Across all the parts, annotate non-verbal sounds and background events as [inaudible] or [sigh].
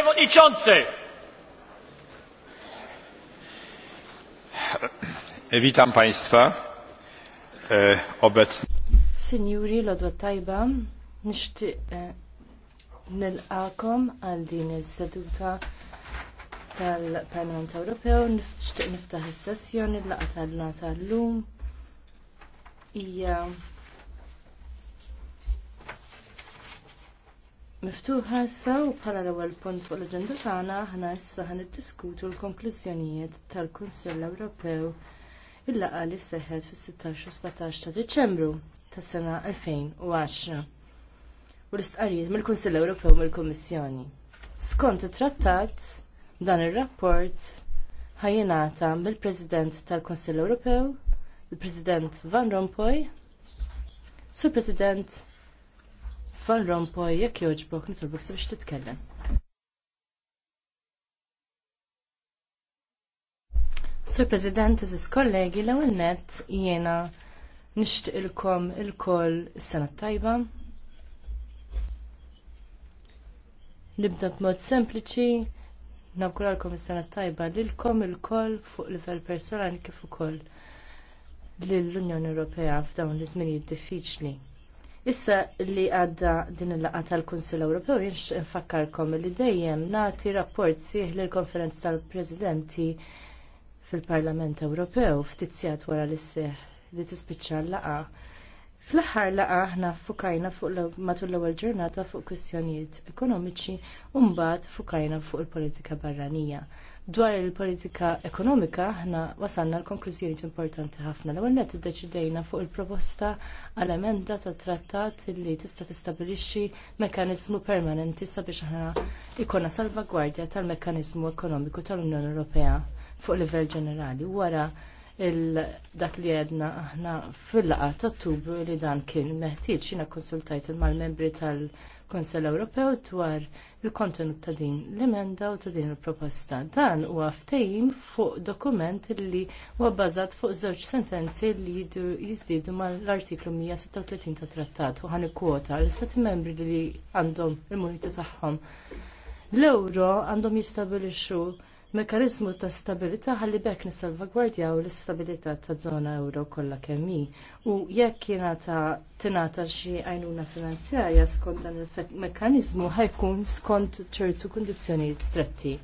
Przewodniczący! Witam Państwa. E, obecnie. Signori, lodwa tajba, nishti e, nil-akom għal din il-seduta tal-Parlament Ewropew, nishti niftaħ il sessjoni l-laqa tal-lum. Ija miftuħa issa u bħala l-ewwel punt fuq l-aġenda tagħna aħna issa ħaniddiskutu l-konklużjonijiet tal-Kunsill Ewropew il-laqgħa li seħħet fis-16 u 17 ta' Diċembru tas-sena 2010 u l-istqarrijiet mill-Kunsill Ewropew mill-Kummissjoni. Skont it-trattat dan ir-rapport ħajjinata mill-President tal-Kunsill Ewropew, il-President Van Rompuy, Sur President Van Rompuy, jekk joġbok nitolbok sabiex titkellem. Sur President, eżis kollegi, l-ewwel nett jiena nixtieqilkom ilkoll is-sena tajba. Nibda b'mod sempliċi, nawguralkom is-sena tajba lilkom ilkoll fuq livell personali kif ukoll lill-Unjoni Ewropea f'dawn l-iżminijiet diffiċli. Issa li għadda din il laqgħa tal-Kunsill Ewropew jiex infakkarkom li dejjem nagħti rapport sieħ lill konferenz tal-Presidenti fil-Parlament Ewropew ftit sigħat wara li seħ li tispiċċa l laqgħa Fl-aħħar laqgħa aħna fukajna fuq matul l-ewwel ġurnata fuq kwistjonijiet ekonomiċi u mbagħad fukajna fuq il-politika barranija. Dwar il-politika ekonomika, ħna wasanna l-konklużjoni importanti ħafna. L-ewwel net iddeċidejna fuq il-proposta għal emenda ta' trattat li tista' tistabilixxi mekkaniżmu permanenti sabiex aħna ikonna salvagwardja tal-mekkaniżmu ekonomiku tal-Unjoni Ewropea fuq livell ġenerali wara dak li għedna aħna fil-laqa ta' ottubru li dan kien meħtieġ xina konsultajt mal-membri tal- Konsell Ewropew dwar il-kontenut ta' din l-emenda u ta' din il-proposta. Dan huwa ftehim fuq dokument li huwa bbażat fuq żewġ sentenzi li jiżdiedu mal-artiklu 136 ta' trattat u ħan kwota l istati membri li għandhom il-munita tagħhom. L-euro għandhom jistabilixxu mekanizmu ta' stabilità ħalli bekk nissalvagwardjaw l-istabilità ta' żona euro kollha kemm hi. U jekk tingħata xi għajnuna finanzjarja skont dan il-mekkaniżmu ħajkun skont ċertu kundizzjonijiet stretti.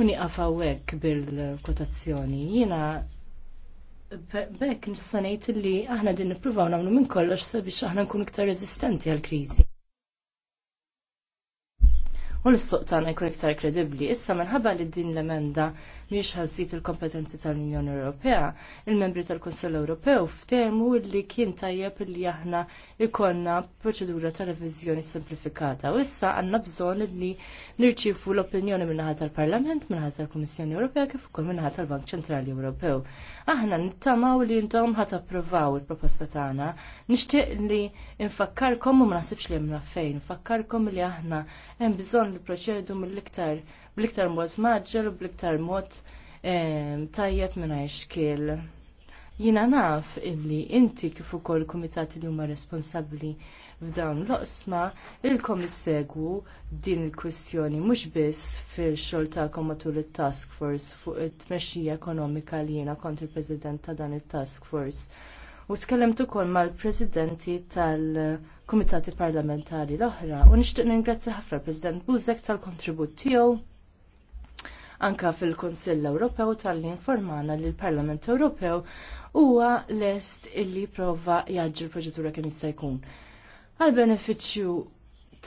U nieqaf hawnhekk bil-kotazzjoni. Jiena bekk nista' ngħid li aħna din nippruvaw nagħmlu minn kollox sabiex aħna nkunu iktar reżistenti għall-kriżi u l-suq tagħna jkun iktar kredibbli. Issa minħabba li din l-emenda miex ħazzit il-kompetenzi tal-Unjoni Ewropea, il-membri tal-Kunsill Ewropew ftehmu li kien tajjeb li aħna ikonna proċedura ta' reviżjoni simplifikata. U issa għandna bżonn li nirċievu l-opinjoni minnaħat tal-Parlament, minnaħat tal-Kummissjoni Ewropea kif ukoll minnaħat tal-Bank Ċentrali Ewropew. Aħna nittamaw li intom ħat approvaw il-proposta tagħna. Nixtieq li nfakkarkom u ma naħsibx li hemm fejn, nfakkarkom li aħna hemm bżonn li proċedu mill-iktar bl-iktar mod maġġel u bl-iktar mod tajjeb mingħajr xkiel. Jiena naf illi inti kif ukoll komitati li huma responsabbli f'dawn l-oqsma ilkom issegwu din il-kwistjoni mhux biss fil-xogħol tagħkom matul it-task force fuq it-tmexxija ekonomika li jiena kont il-president ta' dan it-task force. U tkellemt ukoll mal-presidenti tal- kumitati parlamentari l-oħra u nixtieq ningrazzja ħafna President Buzek tal-kontribut tiegħu anka fil-Kunsill Ewropew tal-li informana li l-Parlament Ewropew huwa lest illi prova jaġġi l l-proġettura kemm jista' jkun. Għal benefiċċju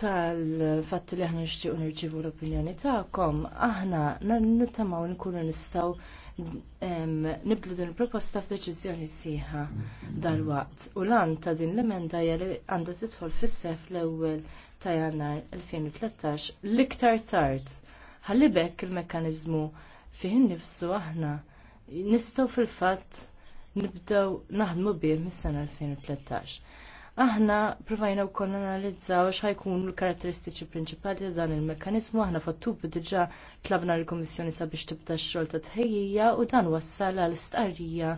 tal-fatt li aħna nixtiequ nirċievu l-opinjoni tagħkom, aħna nittamaw nkunu nistgħu nibdlu din il-proposta f'deċiżjoni sħiħa dal-waqt. U lan ta' din l-emenda li għandha tidħol fis-sef l-ewwel ta' jannar 2013 l-iktar tard. Ħallibek il-mekkaniżmu fih innifsu aħna nistgħu fil-fatt nibdew naħdmu bih mis-sena 2013. Aħna provajna wkoll analizzaw xajkun l-karatteristiċi prinċipali ta' dan il mekanizmu aħna fattub diġà tlabna l-Kummissjoni sabiex tibda x-xogħol ta' tħejjija u dan wassal għal stqarrija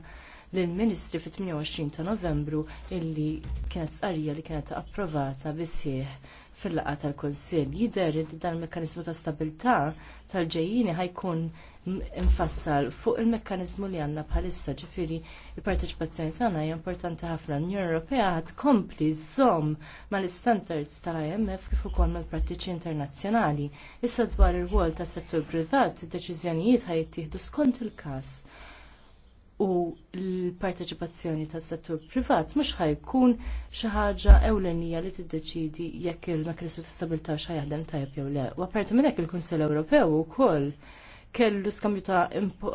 lill-Ministri fit-28 ta' Novembru illi kienet stqarrija li kienet approvata bisieħ fil laqgħa tal-Kunsill. Jidher li dan il mekanizmu ta' stabilità tal-ġejjini ħajkun infassal fuq il-mekkanizmu li għandna bħalissa ġifieri il-parteċipazzjoni tagħna hija importanti ħafna. L-Unjoni Ewropea ħad kompli żomm mal-istandards tal-IMF kif ukoll mal-prattiċi internazzjonali. Issa dwar ir-rwol tas-settur privat, id-deċiżjonijiet ħajtieħdu skont il-każ u l-parteċipazzjoni tas settur privat mhux ħajkun xi ħaġa ewlenija li tiddeċidi jekk il-mekaniżmu ta' stabilità xi jaħdem tajjeb jew le. U apparti minn hekk il-Kunsell Ewropew ukoll kellu skambju ta'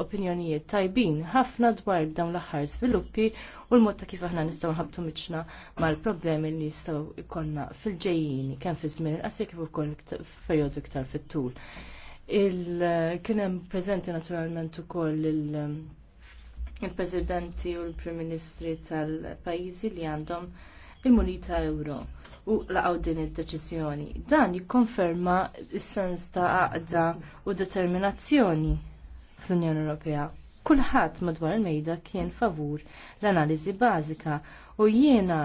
opinjonijiet tajbin ħafna dwar dawn l-aħħar sviluppi u l-mod ta' kif aħna nistgħu nħabtu miċna mal-problemi li jistgħu jkollna fil ġejjin kemm fi żmien qasir kif ukoll f'perjodu iktar fit-tul. Kien hemm preżenti naturalment ukoll il-Presidenti u l-Prim Ministri tal-pajjiżi li għandhom il-munita euro u laqgħu din id-deċiżjoni. Dan jikkonferma s-sens ta' għaqda u determinazzjoni fl-Unjoni Ewropea. Kulħadd madwar il-mejda kien favur l-analiżi bażika u jiena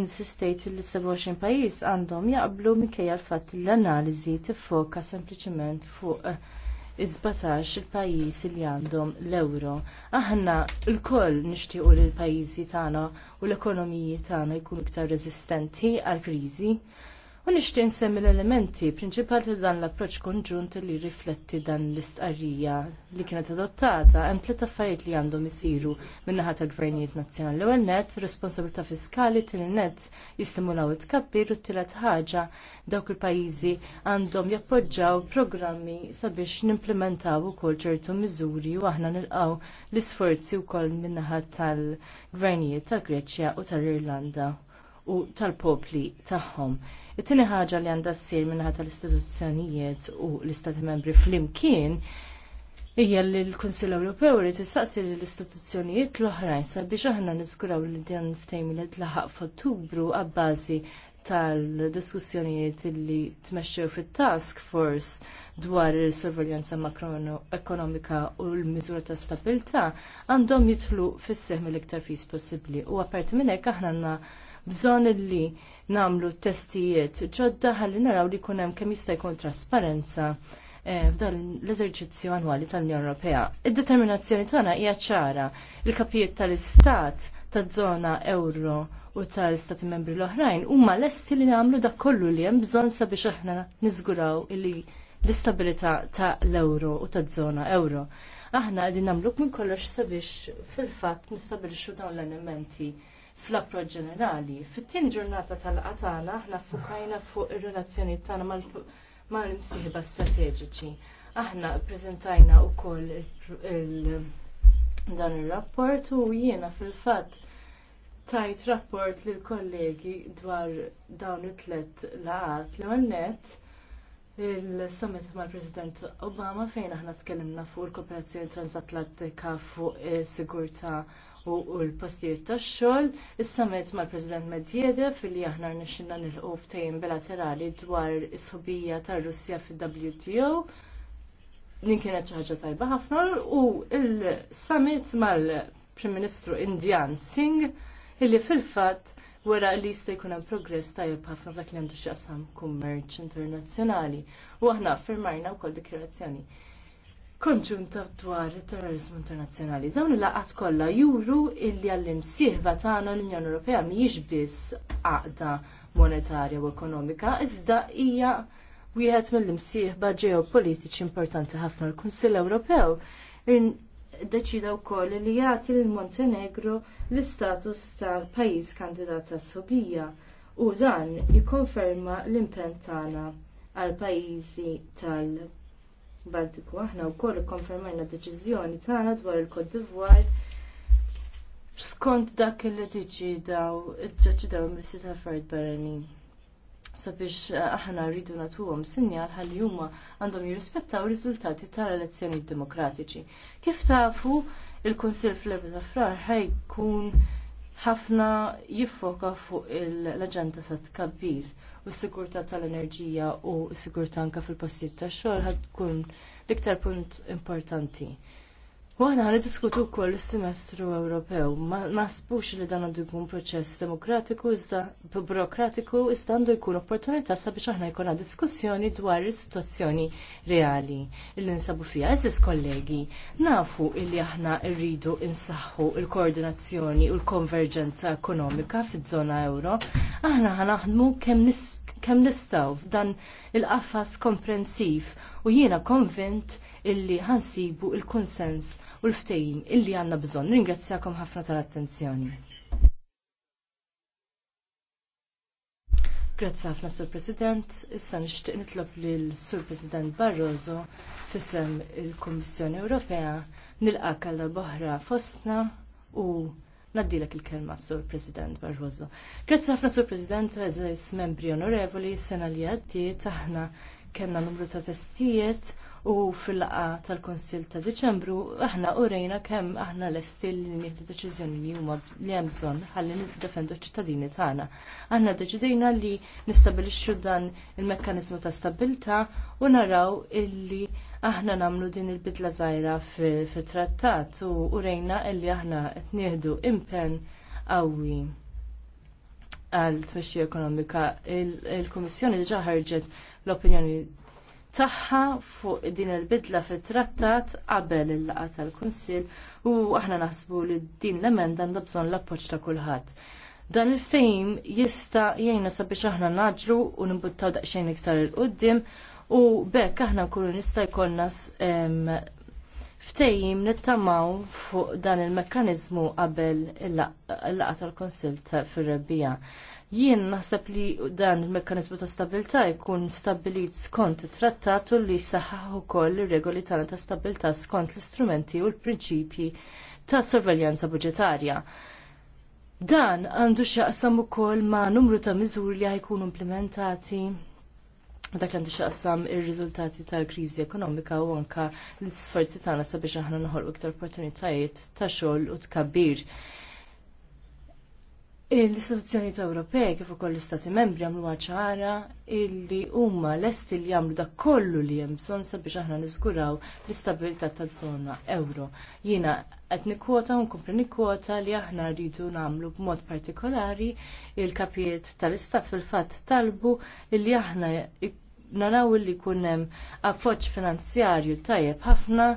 insistejt li 27 pajjiż għandhom jaqblu minkejja l-fatt l-analiżi tiffoka sempliċement fuq 17 il pajjiżi li għandhom l-euro. Aħna lkoll nixtiequ li l-pajjiżi tagħna u l-ekonomiji tagħna jkunu iktar reżistenti għall kriżi U nixtieq insemmi l-elementi prinċipali ta' dan l-approċċ konġunt li rifletti dan l-istqarrija li kienet adottata hemm tliet affarijiet li għandhom isiru min-naħa tal-gvernijiet nazzjonali. L-ewwel net responsabilità fiskali, tieni nett jistimulaw it-tkabbir u t-tielet ħaġa dawk il-pajjiżi għandhom jappoġġaw programmi sabiex nimplementaw ukoll ċertu miżuri u aħna nilqgħu l-isforzi wkoll min-naħa tal-gvernijiet tal-Greċja u tal-Irlanda u tal-popli tagħhom. It-tieni ħaġa li għandha ssir minnaħa tal-istituzzjonijiet u l-Istati Membri flimkien hija li l-Kunsill Ewropew irid issaqsi l-istituzzjonijiet l-oħrajn sabiex aħna niżguraw li din ftejmilet laħaq f'Ottubru għabbażi tal-diskussjonijiet li tmexxew fit-task force dwar il-sorveljanza makroekonomika u l-miżura ta' stabilta għandhom jidħlu fis-seħm l-iktar fis possibbli. U apparti minn hekk aħna bżonn li namlu testijiet ġodda ħalli naraw li jkun hemm kemm jista' jkun trasparenza eh, f'dan l-eżerċizzju annwali tal-Unjoni Ewropea. Id-determinazzjoni tagħna hija ċara. Il-kapijiet tal-istat taż-żona euro u tal-istati membri l-oħrajn huma lesti li nagħmlu dak kollu li hemm bżonn sabiex aħna niżguraw li l-istabilità ta' l-euro u taż-żona euro. Aħna qegħdin nagħmluk minn kollox sabiex fil-fatt nistabilixxu dawn l-elementi fl-approċ ġenerali. Fit-tieni ġurnata tal-qatana aħna fukajna fuq ir-relazzjoni tagħna mal-imsieħba strateġiċi. Aħna ppreżentajna wkoll dan ir-rapport u jiena fil-fatt tajt rapport lill kollegi dwar dawn it-tlet laqat l għannet il-summit mal president Obama fejn aħna tkellimna fuq il-kooperazzjoni transatlantika fuq is sigurtà u l-postijiet tax-xogħol, is-summit mal-President Medvedev li aħna rnexxinna nilqu ftehim bilaterali dwar is-sħubija tar-Russja fil-WTO. Din kienet xi ħaġa tajba ħafna u l-summit mal-Prim Ministru Indjan Singh illi fil-fatt wara li jista' jkun hemm progress tajjeb ħafna f'dak li għandu x'jaqsam kummerċ internazzjonali. U aħna affirmajna wkoll dikjarazzjoni konġunta dwar terrorizmu internazzjonali. Dawn il-laqat kollha juru illi għall-imsieħba tagħna l-Unjoni Ewropea mhijiex biss għaqda monetarja u ekonomika, iżda hija wieħed mill-imsieħba ġeopolitiċi importanti ħafna l-Kunsill Ewropew deċida wkoll li jagħti lil Montenegro l-istatus tal-pajjiż kandidat ta' sobija u dan jikkonferma l-impenn tagħna għal pajjiżi tal-Balkani Baltiku. Aħna wkoll ikkonfermajna deċiżjoni tagħna dwar il-Kod d'Ivoire skont dak li tiġi daw iġġaġġi daw sit affarijiet barranin. Sabiex eh, aħna rridu nagħtuhom sinjal ħalli huma għandhom jirrispettaw ir-riżultati tal-elezzjoni demokratiċi. Kif tafu il-Kunsill fl-Ebda ta' Frar ħajkun ħafna jiffoka fuq l-aġenda sa' tkabbir u s-sigurtà tal-enerġija u s-sigurtà anke fil-postijiet tax-xogħol ħad tkun l-iktar punt importanti. U għana għana diskutu kol semestru Ewropew. Ma spux li dan għandu jkun proċess demokratiku, iżda burokratiku, iżda għandu jkun opportunità sabiex aħna jkollna diskussjoni dwar is-situazzjoni reali il nsabu fija. Eżis kollegi, nafu illi aħna rridu insaħħu il-koordinazzjoni u l-konverġenza ekonomika fiż-żona euro. Aħna ħanaħdmu kemm kem nistaw f'dan il-qafas komprensiv u jiena konvint illi ħansibu il-konsens u l-ftejim illi għanna bżon. Ringrazzjakom ħafna tal-attenzjoni. Grazzi ħafna Sur President, issa nixtieq nitlob lil Sur President Barroso fisem il-Kummissjoni Ewropea nilqak għal boħra fostna u Naddilek il-kelma, Sur President Barroso. Grazie ħafna, Sur President, eżis membri onorevoli, sena li għaddiet, aħna kemna numru ta' testijiet u fil laqgħa tal-Konsil ta' Diċembru aħna urejna kemm aħna lesti li nieħdu deċiżjoni li huma li hemm bżonn ħalli niddefendu ċ-ċittadini tagħna. Aħna deċidejna li nistabilixxu dan il-mekkaniżmu ta' stabilità u naraw illi aħna nagħmlu din il-bidla żgħira fit-trattat u urejna illi aħna qed nieħdu impenn qawwi għal tmexxija ekonomika. Il-Kummissjoni diġà ħarġet l-opinjoni tagħha fuq din il-bidla fit-trattat qabel il laqgħa tal-Kunsill u aħna naħsbu li din l-emenda għandha bżonn l-appoġġ ta' kulħadd. Dan il-ftehim jista' jgħinna sabiex aħna naġru u nimbuttaw daqsxejn iktar il-qudiem u bekk aħna nkunu nista' jkollna ftejjim nittamaw fuq dan il mekkaniżmu qabel il-laqgħa tal-Konsil fir-rebbija. Jien naħseb li dan il-mekkanizmu ta' stabilità jkun stabbilit skont trattatu li saħħaħ ukoll ir-regoli tagħna ta' stabilità skont l-istrumenti u l-prinċipji ta' sorveljanza budġetarja. Dan għandu x'jaqsam ukoll ma' numru ta' miżuri li ħajkunu implementati dak li għandu xaqsam ir-riżultati tal-kriżi ekonomika u anka l-sforzi tagħna sabiex aħna noħolqu iktar opportunitajiet ta' xogħol u tkabbir l-istituzzjoni Ewropej kif ukoll l-Istati Membri għamlu ċara illi huma lesti li jagħmlu dak kollu li hemm bżonn sabiex aħna niżguraw l-istabilità taż-żona euro. Jiena qed nikkwota u nkompli nikkwota li aħna rridu nagħmlu b'mod partikolari il-kapijiet tal-Istat fil-fatt talbu illi aħna naraw illi jkun hemm appoġġ finanzjarju tajjeb ħafna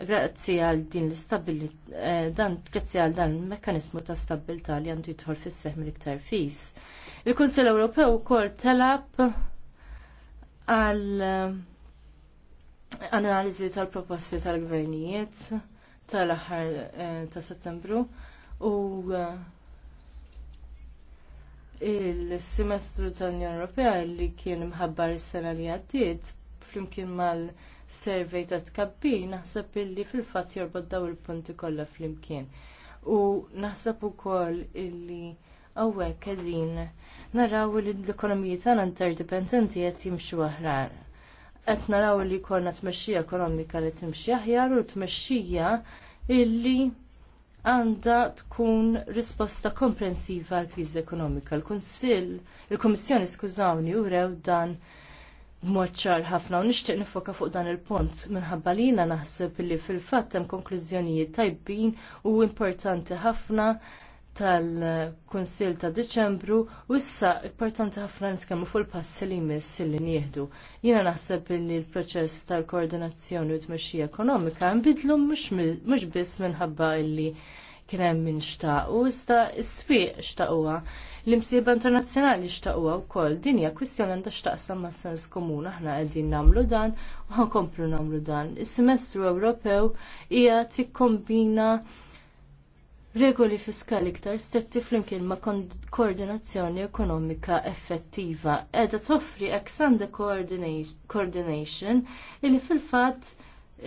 grazzi għal din l eh, dan grazzi għal dan il-mekkanizmu ta' stabilità li għandu jidħol fis-seħ mill-iktar fis. seħ mill iktar fis il kunsill Ewropew ukoll telab għal eh, analiżi tal-proposti tal-gvernijiet tal-aħħar eh, ta' Settembru u il-semestru tal-Unjoni Ewropea li kien mħabbar is-sena li għaddiet flimkien mal- servej ta' tkabbir naħseb illi fil-fatt jorbod daw il-punti kollha flimkien. U naħseb ukoll illi hawnhekk qegħdin naraw li l ekonomija tagħna interdipendenti qed jimxu aħrar. Qed naraw li jkollna tmexxija ekonomika li timxi aħjar u tmexxija illi għanda tkun risposta komprensiva għall kriżi ekonomika. Il-Kunsill, il-Kummissjoni skużawni, urew dan b'mod ċar ħafna u nixtieq nifoka fuq dan il-punt minħabba li jiena naħseb li fil-fatt hemm konklużjonijiet tajbin u importanti ħafna tal-Kunsil ta' Diċembru u issa importanti ħafna nitkellmu fuq il-passi li jmiss li nieħdu. Jiena naħseb li l-proċess tal-koordinazzjoni u t tmexxija ekonomika nbidlu mhux biss minħabba illi kien hemm min xtaq u iżda s-swieq xtaquha. L-imsieba internazzjonali xtaquha wkoll din hija kwistjoni għandha x'taqsam mas sens komun aħna qegħdin nagħmlu dan u ħankomplu nagħmlu dan. Is-semestru Ewropew hija tikkombina regoli fiskali iktar stetti flimkien ma' koordinazzjoni ekonomika effettiva edha toffri ex ante coordination illi fil fatt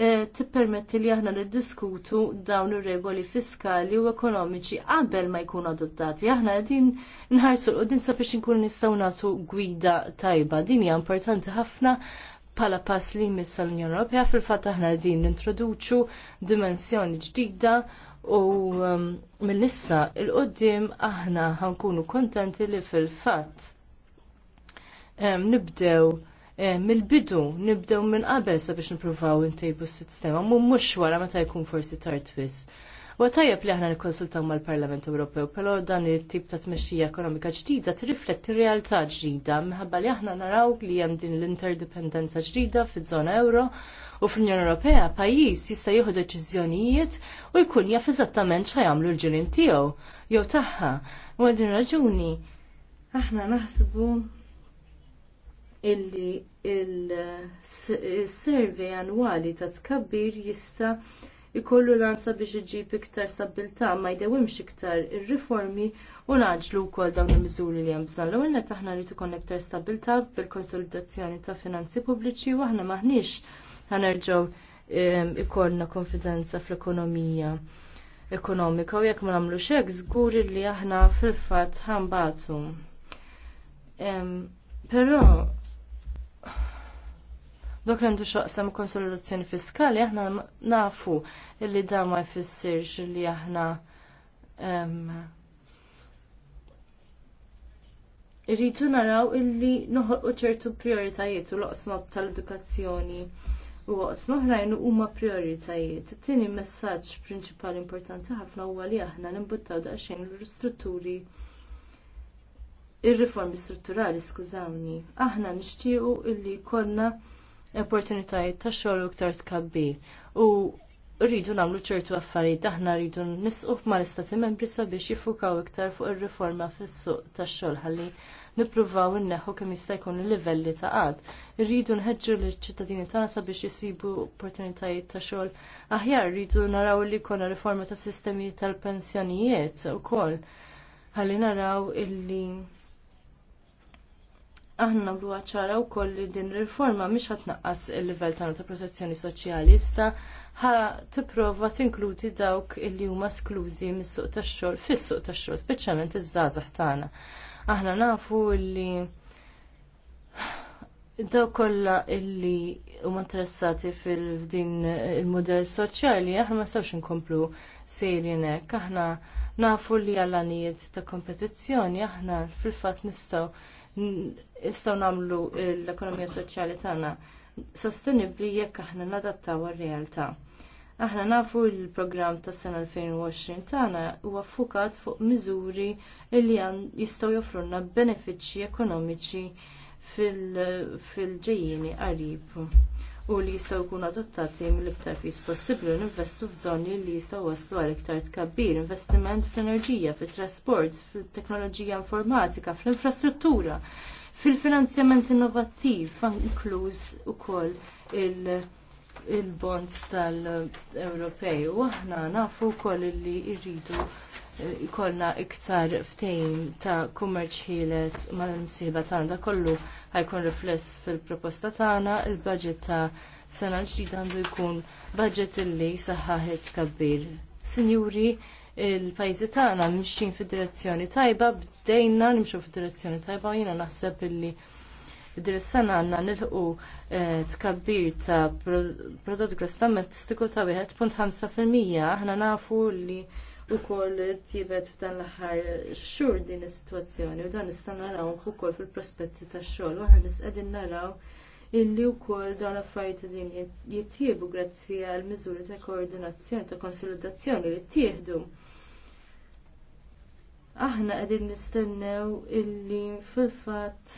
Eh, tippermetti li aħna niddiskutu dawn ir-regoli fiskali u ekonomiċi qabel ma jkunu adottati. Aħna din nħarsu l-qudin sabiex inkunu nistgħu nagħtu gwida tajba. Din hija importanti ħafna bħala pass li jmiss l-Unjoni Ewropea fil-fatt aħna din nintroduċu dimensjoni ġdida u um, mill-issa il-qoddim aħna ħankunu kontenti li fil-fatt um, nibdew Eh, mill-bidu nibdew minn qabel sabiex nippruvaw intejbu s-sistema, mhux wara meta jkun forsi tard tardwis. Wa tajjeb li aħna nikkonsultaw mal-Parlament Ewropew, però dan it-tip ta' tmexxija ekonomika ġdida tirrifletti realtà ġdida minħabba li aħna naraw li hemm din l-interdipendenza ġdida fiż-żona euro u fl-Unjoni Ewropea pajjiż jista' jieħu deċiżjonijiet u jkun jaf eżattament x'għamlu l-ġirien tiegħu jew tagħha. U għal din raġuni aħna naħsbu illi il-survey annwali ta' tkabbir jista' ikollu lanza biex iġib iktar stabilta ma jdewimx iktar ir-riformi u naġlu wkoll dawn il-miżuri li hemm bżonn. L-ewwel qed aħna rrid ikun iktar stabilta bil-konsolidazzjoni ta' finanzi pubbliċi u aħna maħniex ħanerġgħu ikollna konfidenza fl-ekonomija ekonomika u jekk ma nagħmlu hekk żgur li aħna fil-fatt ħambatu. Però Dok li għandu xoqsam konsolidazzjoni fiskali, aħna nafu li dan ma jfissirx li aħna Irridu naraw illi noħolqu ċertu prioritajiet u l-oqsma tal-edukazzjoni u oqsma oħrajn huma prioritajiet. Tini messaġġ prinċipali importanti ħafna huwa li aħna nimbuttaw daqsxejn l-istrutturi ir-riformi strutturali, skużawni. Aħna nixtiequ illi konna opportunitajiet ta' xogħol iktar tkabbi. U rridu nagħmlu ċertu affarijiet aħna rridu nisquq mal istati membri sabiex jiffukaw iktar fuq ir-riforma fis-suq tax-xogħol ħalli nippruvaw inneħħu kemm jista' jkun il-livelli ta' qatt. Irridu nħeġġu liċ-ċittadini tagħna sabiex isibu opportunitajiet ta' xogħol aħjar, rridu naraw li jkollna riforma tas sistemi tal-pensjonijiet ukoll ħalli naraw illi aħna nagħmlu ċara wkoll li din riforma mhix ħatnaqqas naqqas il-livell tagħna ta' protezzjoni soċjali issa ħa tipprova tinkludi dawk li huma sklużi mis-suq tax-xogħol fis-suq tax-xogħol, speċjalment iż-żgħażagħ tagħna. Aħna nafu li daw kollha illi huma interessati fil-din il mudell soċjali aħna ma sawx inkomplu sejrin hekk. Aħna nafu li għall-għanijiet ta' kompetizzjoni aħna fil-fatt nistgħu jistgħu nagħmlu l-ekonomija soċjali tagħna sostenibbli jekk aħna nadattaw għar-realtà. Aħna nafu l-programm tas sena 2020 tagħna huwa ffukat fuq miżuri li jistgħu joffrulna benefiċċji ekonomiċi fil-ġejjieni qarib u li jistgħu jkunu adottati mill-iktar fis possibbli ninvestu f'żoni li jistgħu waslu għal iktar tkabbir, investiment fl-enerġija, fit-trasport, fit-teknoloġija informatika, fl-infrastruttura fil-finanzjament innovattiv inkluż ukoll il- il-bonds tal-Ewropej u aħna nafu wkoll li irridu jkollna eh, iktar ftehim ta' kummerċ ħieles mal-msiba tagħna għanda kollu ħajkun rifless fil-proposta tagħna il-budget ta' sena l-ġdida għandu jkun budget illi saħħaħet kabbir. Sinjuri, il pajzi tagħna mixin fid-direzzjoni tajba, bdejna nimxu fid-direzzjoni tajba u jiena naħseb illi id-direzzjoni għandna nilħu eh, tkabbir ta' prodott gross domestiku ta' 1.5% aħna nafu li ukoll tibet f'dan l-aħħar xhur din is-sitwazzjoni u dan nista' naraw ukoll fil-prospetti tax-xogħol u aħna nisqegħdin naraw illi wkoll dawn l-affarijiet ta' din jittiebu grazzi għal miżuri ta' koordinazzjoni ta' konsolidazzjoni li ttieħdu aħna qegħdin nistennew illi fil-fatt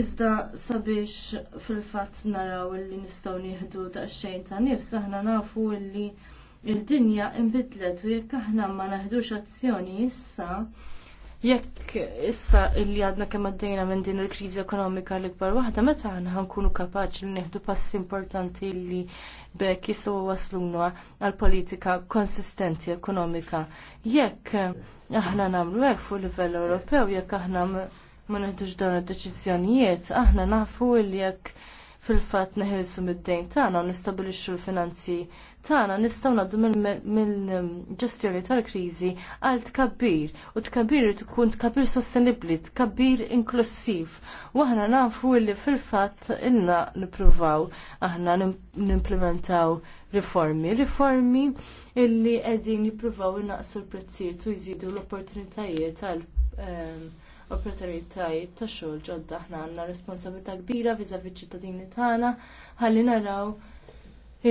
Iżda sabiex fil-fatt naraw illi nistgħu nieħdu daqsxejn ta' nifs aħna nafu illi il-dinja inbidlet u jekk aħna ma naħdux azzjoni issa jekk issa li għadna kemm għaddejna minn din il-kriżi ekonomika l-ikbar waħda meta aħna ħankunu kapaċi li neħdu passi importanti li bekk jistgħu wasluna għal politika konsistenti ekonomika. Jekk aħna nagħmlu hekk fuq livell Ewropew, jekk aħna ma neħdux dawn id-deċiżjonijiet, aħna nafu li jekk fil-fatt neħilsu mid-dejn tagħna u nistabilixxu l-finanzi tagħna nistgħu ngħaddu mill-ġestjoni tal-kriżi għal tkabbir u tkabbir tkun tkabbir sostenibbli, tkabbir inklussiv. U aħna nafu li fil-fatt ilna nippruvaw aħna nimplementaw riformi, riformi illi qegħdin jippruvaw innaqsu l-prezzijiet u jżidu l-opportunitajiet għal ehm, opportunitajiet ta' xogħol ġodda aħna għandna responsabilità kbira viżavi ċittadini tagħna ħalli naraw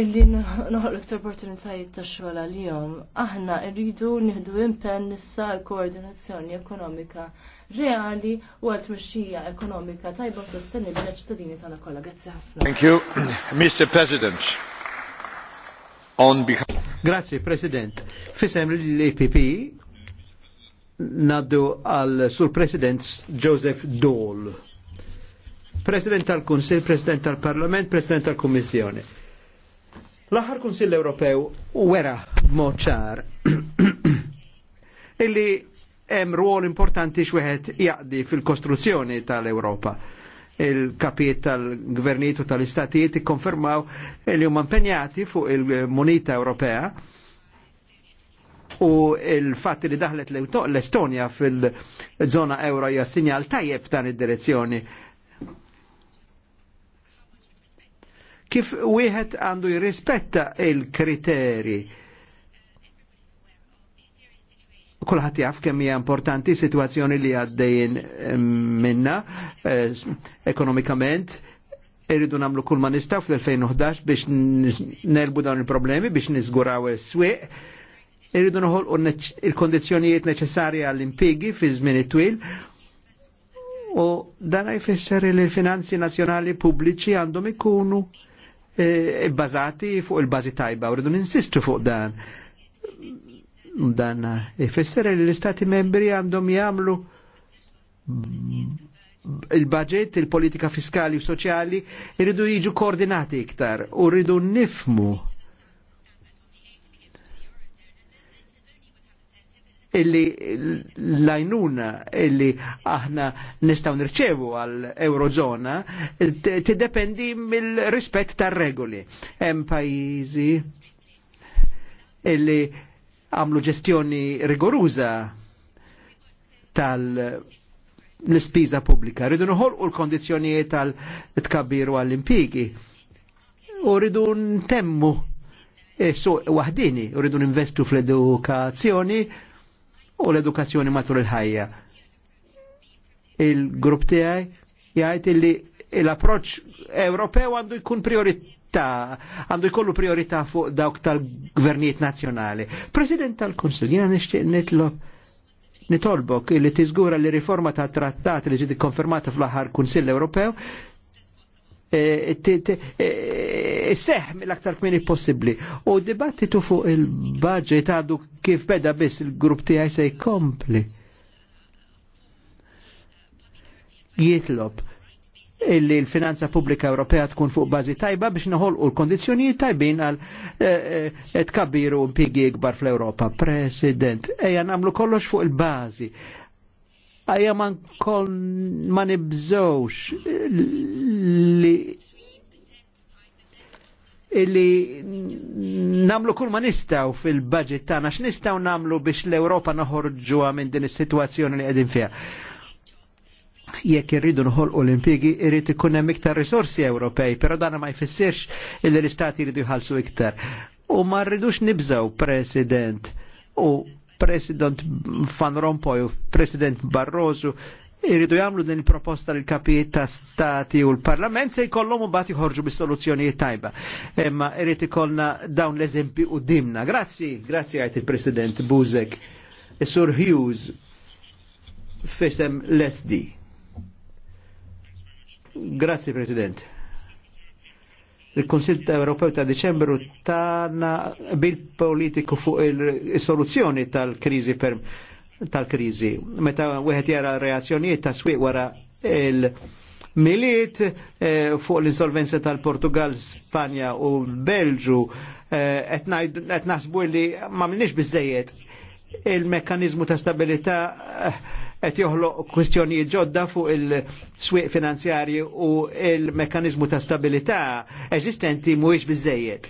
illi noħolok ta' opportunitajiet ta' xogħol għalihom. Aħna rridu nieħdu impenn issa l-koordinazzjoni ekonomika reali u għal tmexxija ekonomika tajba u sostenibbli għal-ċittadini tagħna kollha. Grazzi ħafna. Thank you, Mr. President. On behalf... Grazie President. Fisem l-APP naddu għal sur President Joseph Dole. President tal-Kunsil, President tal-Parlament, President tal-Kommissjoni. L-aħħar Kunsil Ewropew wera moċar [clears throat] illi hemm ruol importanti x'wieħed jaqdi fil-kostruzzjoni tal-Ewropa il-kapiet tal-gvernijiet u tal-istatijiet ikkonfermaw li huma impenjati fuq il-Munita Ewropea u il fatti li daħlet l estonia fil zona euro hija sinjal tajjeb f'dan id-direzzjoni. Kif wieħed għandu jirrispetta il-kriteri kulħadd jaf kemm hija importanti situazzjoni li għaddejjin minna eh, ekonomikament irridu namlu kull ma nistaw fl-2011 biex nelbu dawn il-problemi biex nizguraw is-swieq irridu noħolqu il kondizjonijiet neċessarji għall-impigi fi żmien twil u dan jfisser li l-finanzi nazjonali pubbliċi għandhom ikunu e, bbażati fuq il-bażi tajba u rridu ninsistu fuq dan. Dan jfisser li l-istati membri għandhom jagħmlu il-budget, il-politika fiskali u soċjali irridu jiġu koordinati iktar u rridu nifmu illi l-għajnuna illi aħna nistaw nirċevu għal eurozona t-dependi mill rispet tar regoli. Hemm pajizi illi għamlu ġestjoni rigoruza tal- l-spiża pubblika. Rridu u l-kondizjonijiet tal-tkabbiru għall-impigi. U rridu temmu. E eh, so wahdini, rridu investu fl-edukazzjoni u l-edukazzjoni matul il-ħajja. Il-grupp tiegħi jgħid illi l-approċ Ewropew għandu jkun priorità, għandu jkollu priorità fuq dawk tal-gvernijiet nazzjonali. President tal-Konsil, jiena nixtieq nitlob nitolbok li tiżgura li riforma tat trattat li ġiet konfermata fl-aħħar Kunsill Ewropew seħ mill-aktar kmini possibli. U dibattitu fuq il-budget għadu kif beda biss il-grupp tiegħi se jkompli. Jitlob illi l-finanza pubblika Ewropea tkun fuq bażi tajba biex u l-kondizzjonijiet tajbin għal eh, eh, tkabbiru impigi ikbar fl-Ewropa. President, ejja nagħmlu kollox fuq il-bażi għajja man kon ma nibżowx li illi namlu kull ma nistaw fil-budget tagħna x'nistgħu namlu biex l-Ewropa noħorġuha minn din is-sitwazzjoni li qegħdin fiha. Jekk irridu nħolqu l irrid ikun hemm iktar risorsi Ewropej, però dan ma jfissirx illi l-istati jridu jħallsu iktar. U ma rridux nibżaw President u President Van Rompuy u President Barroso irridu jagħmlu din il-proposta lil kapijiet ta' stati u l-parlament se jkollhom mbagħad jħorġu bis-soluzzjonijiet tajba. Imma irrid ikollna dawn l-eżempji qudiemna. Grazzi, grazzi għajt il-President Buzek. E Sur Hughes fisem l-SD. Grazie President il-Konsil Ewropew ta' Deċembru tana bil-politiku fuq il-soluzzjoni tal-krizi per tal-krizi. Meta wieħed jara reazzjonijiet ta' swieq wara il-miliet eh, fuq l-insolvenza tal-Portugal, Spanja u Belġu eh, qed naħsbu li ma minnix biżejjed il-mekkanizmu ta' stabilità eh, qed joħloq kwistjonijiet ġodda fuq il-swieq finanzjarji u il-mekkanizmu ta' stabilità eżistenti mhuwiex biżejjed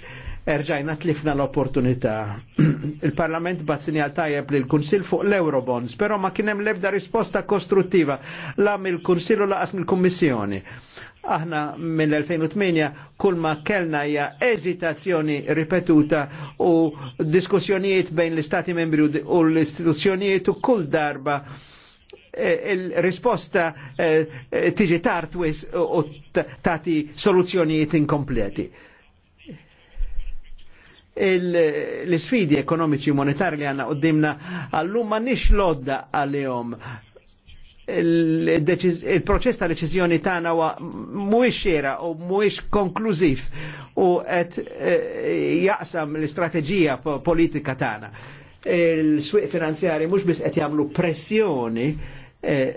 erġajna tlifna l-opportunità. [clears throat] Il-Parlament bat sinjal tajjeb li l-Kunsil fuq l-Eurobonds, pero ma kienem lebda risposta kostruttiva la mill-Kunsil u laqas mill kummissjoni Aħna mill-2008 kull ma kellna hija eżitazzjoni ripetuta u diskussjonijiet bejn l-Istati membri u l-istituzzjonijiet u kull darba Eh, il-risposta eh, eh, tiġi tartwis u tati soluzzjonijiet inkompleti. L-sfidi ekonomiċi monetari li għanna għoddimna għallum ma nix lodda għal-jom il-proċess ta' deċiżjoni tagħna huwa mhuwiex xiera u mhuwiex konklużiv u għet jaqsam l-istrateġija politika ta' tagħna. il swiq finanzjari mux bis għet jamlu pressjoni Eh,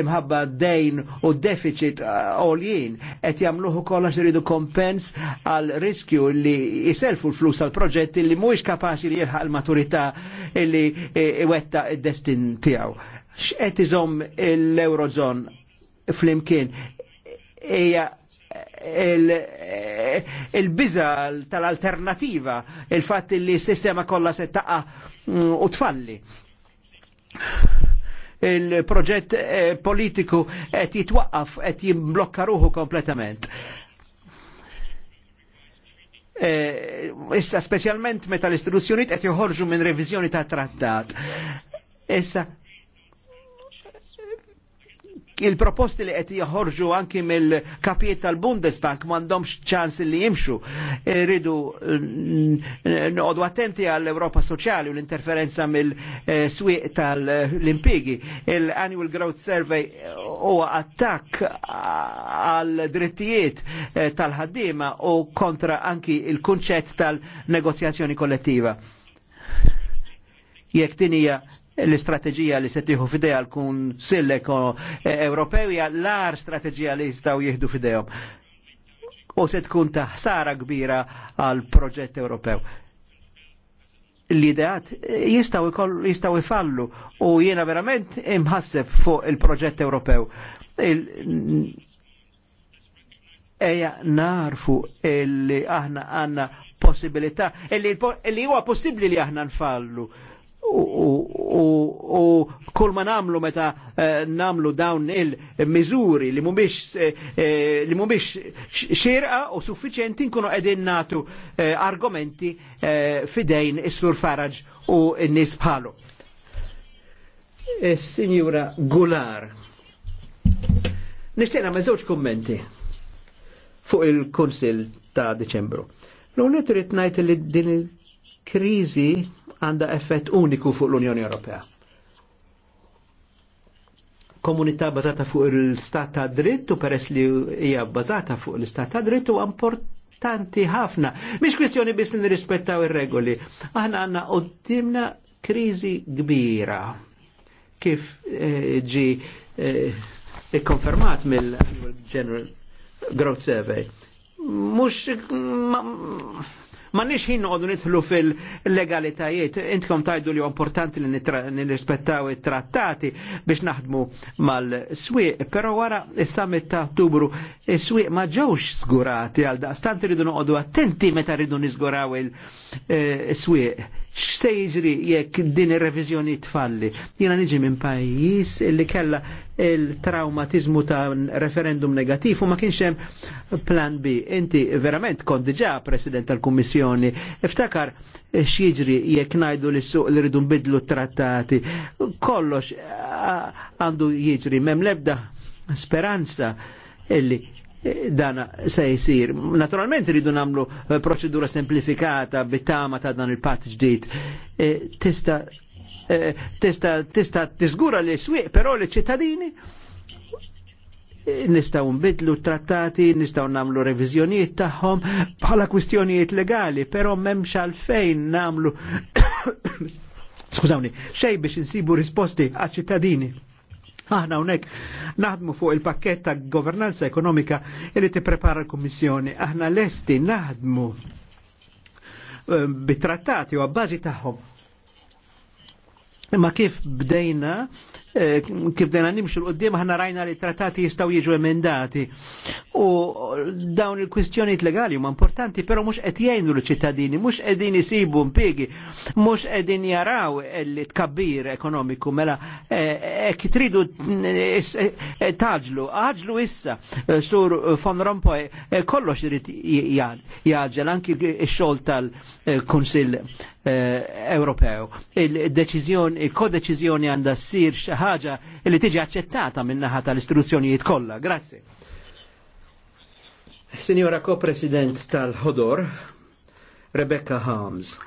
imħabba dejn u deficit għoljien eh, et jamluħu kollax rridu kompens għal riskju li jiselfu l-flus għal proġetti li mhuwiex kapaċi li jilħaq maturita maturità li eh, wetta' id-destin tiegħu. X'qed iżomm l-Eurozon flimkien Ija il-biża tal-alternativa il-fatt li s-sistema kollha se taqa' mm, u tfalli il-proġett eh, politiku qed jitwaqqaf, qed jimblokka ruħu kompletament. Eh, issa specialment meta l-istituzzjonijiet qed joħorġu minn reviżjoni ta' trattat. Issa il-proposti li qed joħorġu anki mill-kapijiet tal-Bundestag m'għandhomx ċans li jimxu. Rridu eh, noqogħdu attenti għall-Ewropa Soċjali u l-interferenza mill-swieq tal-impigi. Il-Annual Growth Survey huwa attakk għal drittijiet eh, tal-ħaddiema u kontra anki il-kunċett tal-negozjazzjoni kollettiva. Jekk din hija l-istrateġija li se tieħu fidejha l-kun silleko eh, Ewropewja l-ar strateġija li jistgħu jieħdu fidejhom. U se tkun ta' ħsara kbira għal proġett Ewropew l-ideat eh, jistaw, jistaw ifallu u jiena verament imħasseb fuq il-proġett Ewropew. Il Eja narfu illi aħna għanna possibilità, illi huwa possibli li aħna nfallu u kol ma namlu meta eh, namlu dawn il-mizuri li mumbix eh, eh, li xirqa u suffiċenti nkunu edin natu argumenti fidejn is-sur Faraġ u n-nis bħalu. Signora Gular, nishtena ma' żewġ kommenti fuq il konsil ta' Deċembru. L-unet rrit li din il-krizi għandha effett uniku fuq l-Unjoni Ewropea. Komunità bazata fuq il-stat ta' dritt u peress li hija bazata fuq l-istat ta' dritt u importanti ħafna. Mhix kwistjoni biss li nirrispettaw ir-regoli. Aħna għandna qudiemna kriżi kbira kif eh, ġi eh, ikkonfermat mill-General Growth Survey. Mux Ma nix ħin noqogħdu nidħlu fil-legalitajiet, intkom tajdu li importanti li nirrispettaw it-trattati biex naħdmu mal-swieq, però wara is-summit ta' Ottubru il swieq ma ġewx żgurati għal daqstant iridu noqogħdu attenti meta rridu niżguraw il-swieq eh, x'se jiġri jekk din ir-reviżjoni tfalli. Jiena niġi minn pajjiż li kella il-traumatizmu ta' referendum negativ u ma kienx hemm plan B. Inti verament kont diġà President tal-Kummissjoni. Iftakar x'jiġri jekk ngħidu li suq li rridu nbidlu trattati. Kollox għandu jiġri m'hemm l-ebda speranza illi dana se jisir. Naturalment rridu namlu eh, proċedura semplifikata bit-tama ta' dan il-pat ġdid. Eh, tista eh, tista tista tiżgura li swieq però li ċittadini nistaw nbidlu trattati, nistaw namlu revizjoniet tagħhom bħala kwistjonijiet legali, però m'hemmx x'alfejn namlu [coughs] skużawni, xej biex insibu risposti għal ċittadini. Aħna hawnhekk naħdmu fuq il-pakket ta' governanza ekonomika li tipprepara l-Kummissjoni. Aħna lesti naħdmu eh, bit-trattati u għabbażi tagħhom. Imma kif bdejna Eh, kif dejna nimxu l-qoddim ħana rajna li trattati jistaw jiġu emendati. U dawn il-kwistjoniet legali huma importanti, però mhux qed jgħinu l-ċittadini, mhux qegħdin isibu mpiegi, mhux qegħdin jaraw l tkabbir ekonomiku mela eh, hekk tridu eh, taġlu, aġlu issa sur von Rompuy kollox irid jaġel anki x-xogħol tal-Kunsill Eh, Ewropew. il il-kodeċizjoni għanda s xi ħaġa li tiġi aċċettata min-naħa tal-istruzzjonijiet kollha. Grazie. Signora Co-President tal-Hodor, Rebecca Harms.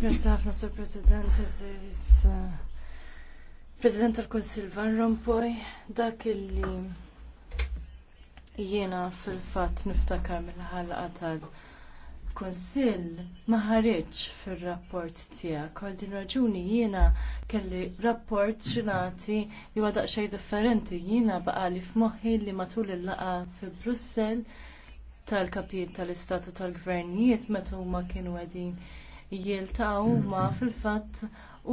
Grazie ħafna, Sur President, eżis eh, President tal-Konsil Van Rompuy, dak li jiena fil-fat niftakar mill-ħalqa tal- kunsill ma ħareġ fir-rapport tiegħek. Għal din raġuni jiena kelli rapport xinati li huwa daqsxejn differenti jiena baqali f'moħħi li matul il-laqgħa fi Brussell tal-kapijiet tal-istatu tal-gvernijiet meta huma kienu qegħdin jiltaqgħu huma fil-fatt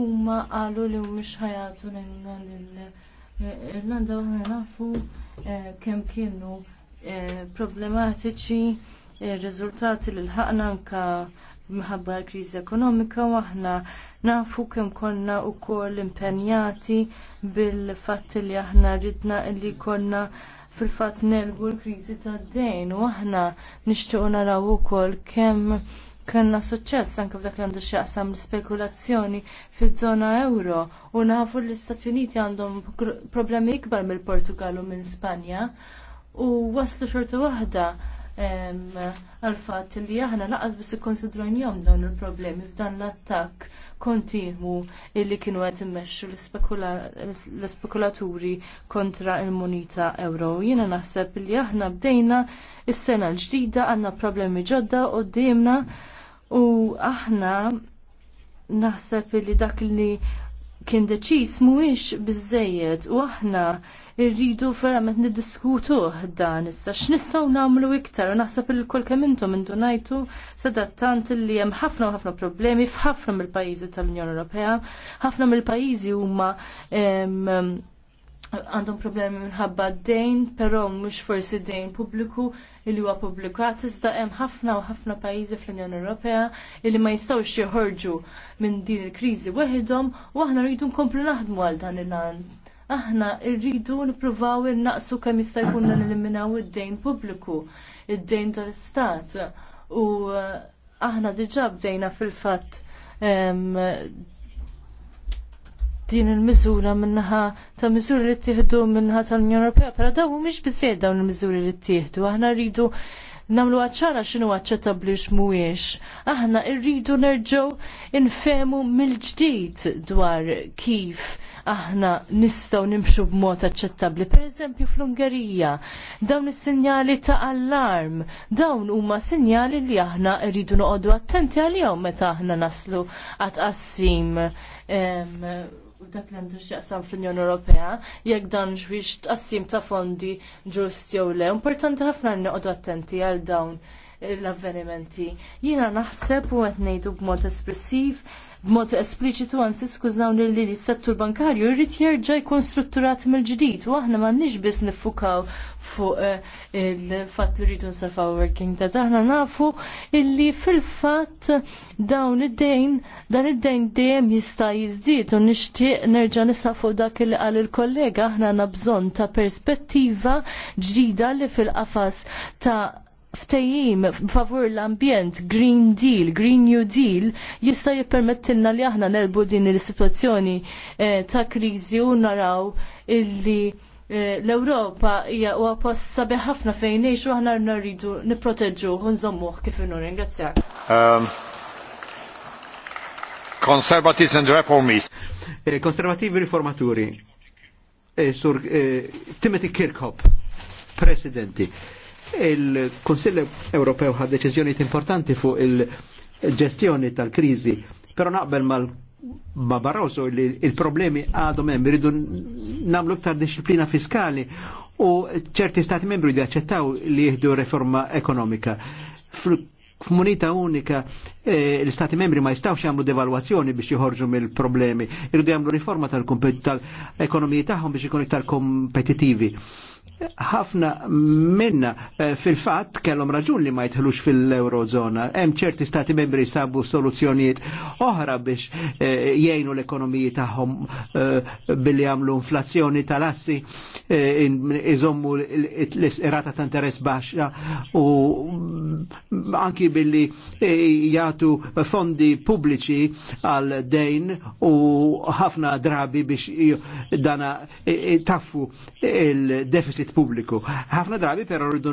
huma qalu li mhumiex ħajatu l-Irlanda u nafu eh, kemm kienu eh, problematiċi ir-riżultati li l ħakna anka minħabba l-kriżi ekonomika u aħna nafu kemm konna wkoll impenjati bil fat li aħna ridna li konna fil-fatt nelbu l-kriżi tad-dejn u aħna nixtiequ naraw ukoll kemm kellna suċċess anke f'dak li għandu x'jaqsam l-spekulazzjoni fiż-żona euro u nafu l-Istati Uniti għandhom problemi ikbar mill-Portugal u minn Spanja u waslu xorta waħda għal fat li aħna laqas biss jom dawn il-problemi f'dan l-attakk kontinwu illi kienu qed immexxu l-spekulaturi kontra il-munita euro. Jiena naħseb li aħna bdejna is-sena l-ġdida għandna problemi ġodda d-dimna u aħna naħseb li dak li kien deċis mhuwiex biżejjed u aħna irridu verament niddiskutuh dan issa x'nistgħu nagħmlu iktar u naħseb il kol kemm intom intu ngħidu sadattant li hemm ħafna u ħafna problemi f'ħafna mill-pajjiżi tal-Unjoni Ewropea, ħafna mill-pajjiżi huma għandhom problemi minħabba d-dejn, pero mhux forsi d-dejn publiku illi huwa pubblikat iżda hemm ħafna u ħafna pajjiżi fl-Unjoni Ewropea illi ma jistgħux joħorġu minn din il-kriżi weħidhom u aħna rridu nkomplu naħdmu għal dan il-għan aħna rridu nippruvaw innaqsu kemm jista' jkun nilliminaw id-dejn pubbliku, id-dejn tal-istat. U eh, aħna diġà bdejna fil-fatt din il-miżura minnaħa ta' miżuri li ttieħdu minnaħa tal-Unjoni Ewropea, però dawn mhumiex biżejjed dawn il-miżuri li ttieħdu. Aħna rridu nagħmlu għadċara x'inhu għadċetabli x'mhuwiex. Aħna rridu nerġgħu infemu mill-ġdid dwar kif aħna nistgħu nimxu b'mod aċċettabbli. Pereżempju fl-Ungerija, dawn is-sinjali ta' allarm, dawn huma sinjali li aħna rridu noqogħdu attenti għalihom meta aħna naslu għat qassim dak li għandu xjaqsam fl-Unjoni Ewropea, jekk dan xwiex tqassim ta' fondi ġust jew le. Importanti ħafna li noqogħdu attenti għal dawn l-avvenimenti. Jiena naħseb u qed ngħidu b'mod espressiv b'mod espliċitu għanzi skużawni li l-settur bankarju jrid jerġa' jkun strutturat mill-ġdid u aħna m'għandniex biss niffukaw fuq eh, il fat li rridu nsafaw working debt. Aħna nafu illi fil-fatt dawn id-dejn dan id-dejn dejjem jista' jiżdied u nixtieq nerġa' nisa' dak li qal il-kollega aħna nabżon bżonn ta' perspettiva ġdida li fil-qafas ta' ftejjim favur l-ambjent, Green Deal, Green New Deal, jista' jippermettilna li aħna nerbu din il-sitwazzjoni eh, ta' kriżi u naraw illi eh, l-Ewropa hija huwa post sabiħ ħafna fejn ngħix u aħna rridu nipproteġġu u nżommuh kif inhu ringrazzjak. Um, conservatives and reformists. konservativi eh, riformaturi. Sur Timothy Kirkhope, presidenti. Il-Konsill Ewropew ħad deċiżjonijiet importanti fuq il-ġestjoni tal-kriżi, però naqbel mal ma barroso li il-problemi għadhom hemm iridu nagħmlu iktar disciplina fiskali u ċerti stati membri jdu jaċċettaw li jieħdu reforma ekonomika. F'munita unika eh, l-Stati membri ma jistawx jagħmlu devalwazzjoni biex joħorġu mill-problemi, jridu jagħmlu riforma tal-ekonomiji tagħhom biex ikun iktar kompetitivi ħafna minna eh, fil-fatt kellhom raġun li ma jitħlux fil-Eurozona. Hemm ċerti stati membri sabu soluzzjonijiet oħra biex eh, jgħinu l-ekonomiji tagħhom eh, billi jagħmlu inflazzjoni tal-assi iżommu l-irata ta' interess baxxa u anki billi jagħtu fondi pubbliċi għal dejn u ħafna drabi biex dana taffu il-deficit fil pubbliku. Ħafna drabi però rridu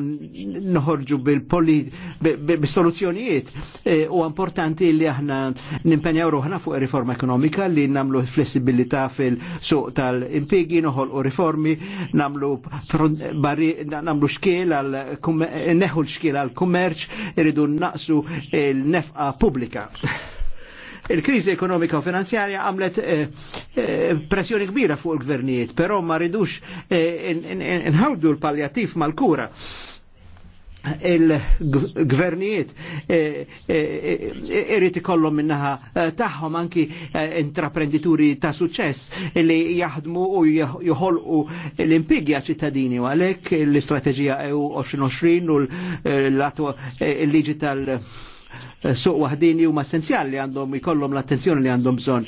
noħorġu bil-soluzzjonijiet e, u importanti li aħna nimpenjaw ruħna fuq riforma ekonomika li namlu flessibilità fil-suq tal-impigi, noħolqu riformi, namlu namlu xkiel għal neħu l-xkiel għal kummerċ, irridu naqsu il-nefqa pubblika. Il-kriżi ekonomika u finanzjarja għamlet eh, eh, pressjoni kbira fuq il-gvernijiet, però ma ridux eh, nħawdu l-paljattiv mal-kura il-gvernijiet irrit ikollhom minnaħa tagħhom anki intraprendituri ta' suċċess li jaħdmu u joħolqu l-impigja ċittadini u għalhekk l-istrateġija EU 2020 u l-liġi tal- Eh, suq waħdini huma essenzjali li għandhom ikollhom l-attenzjoni li għandhom bżonn.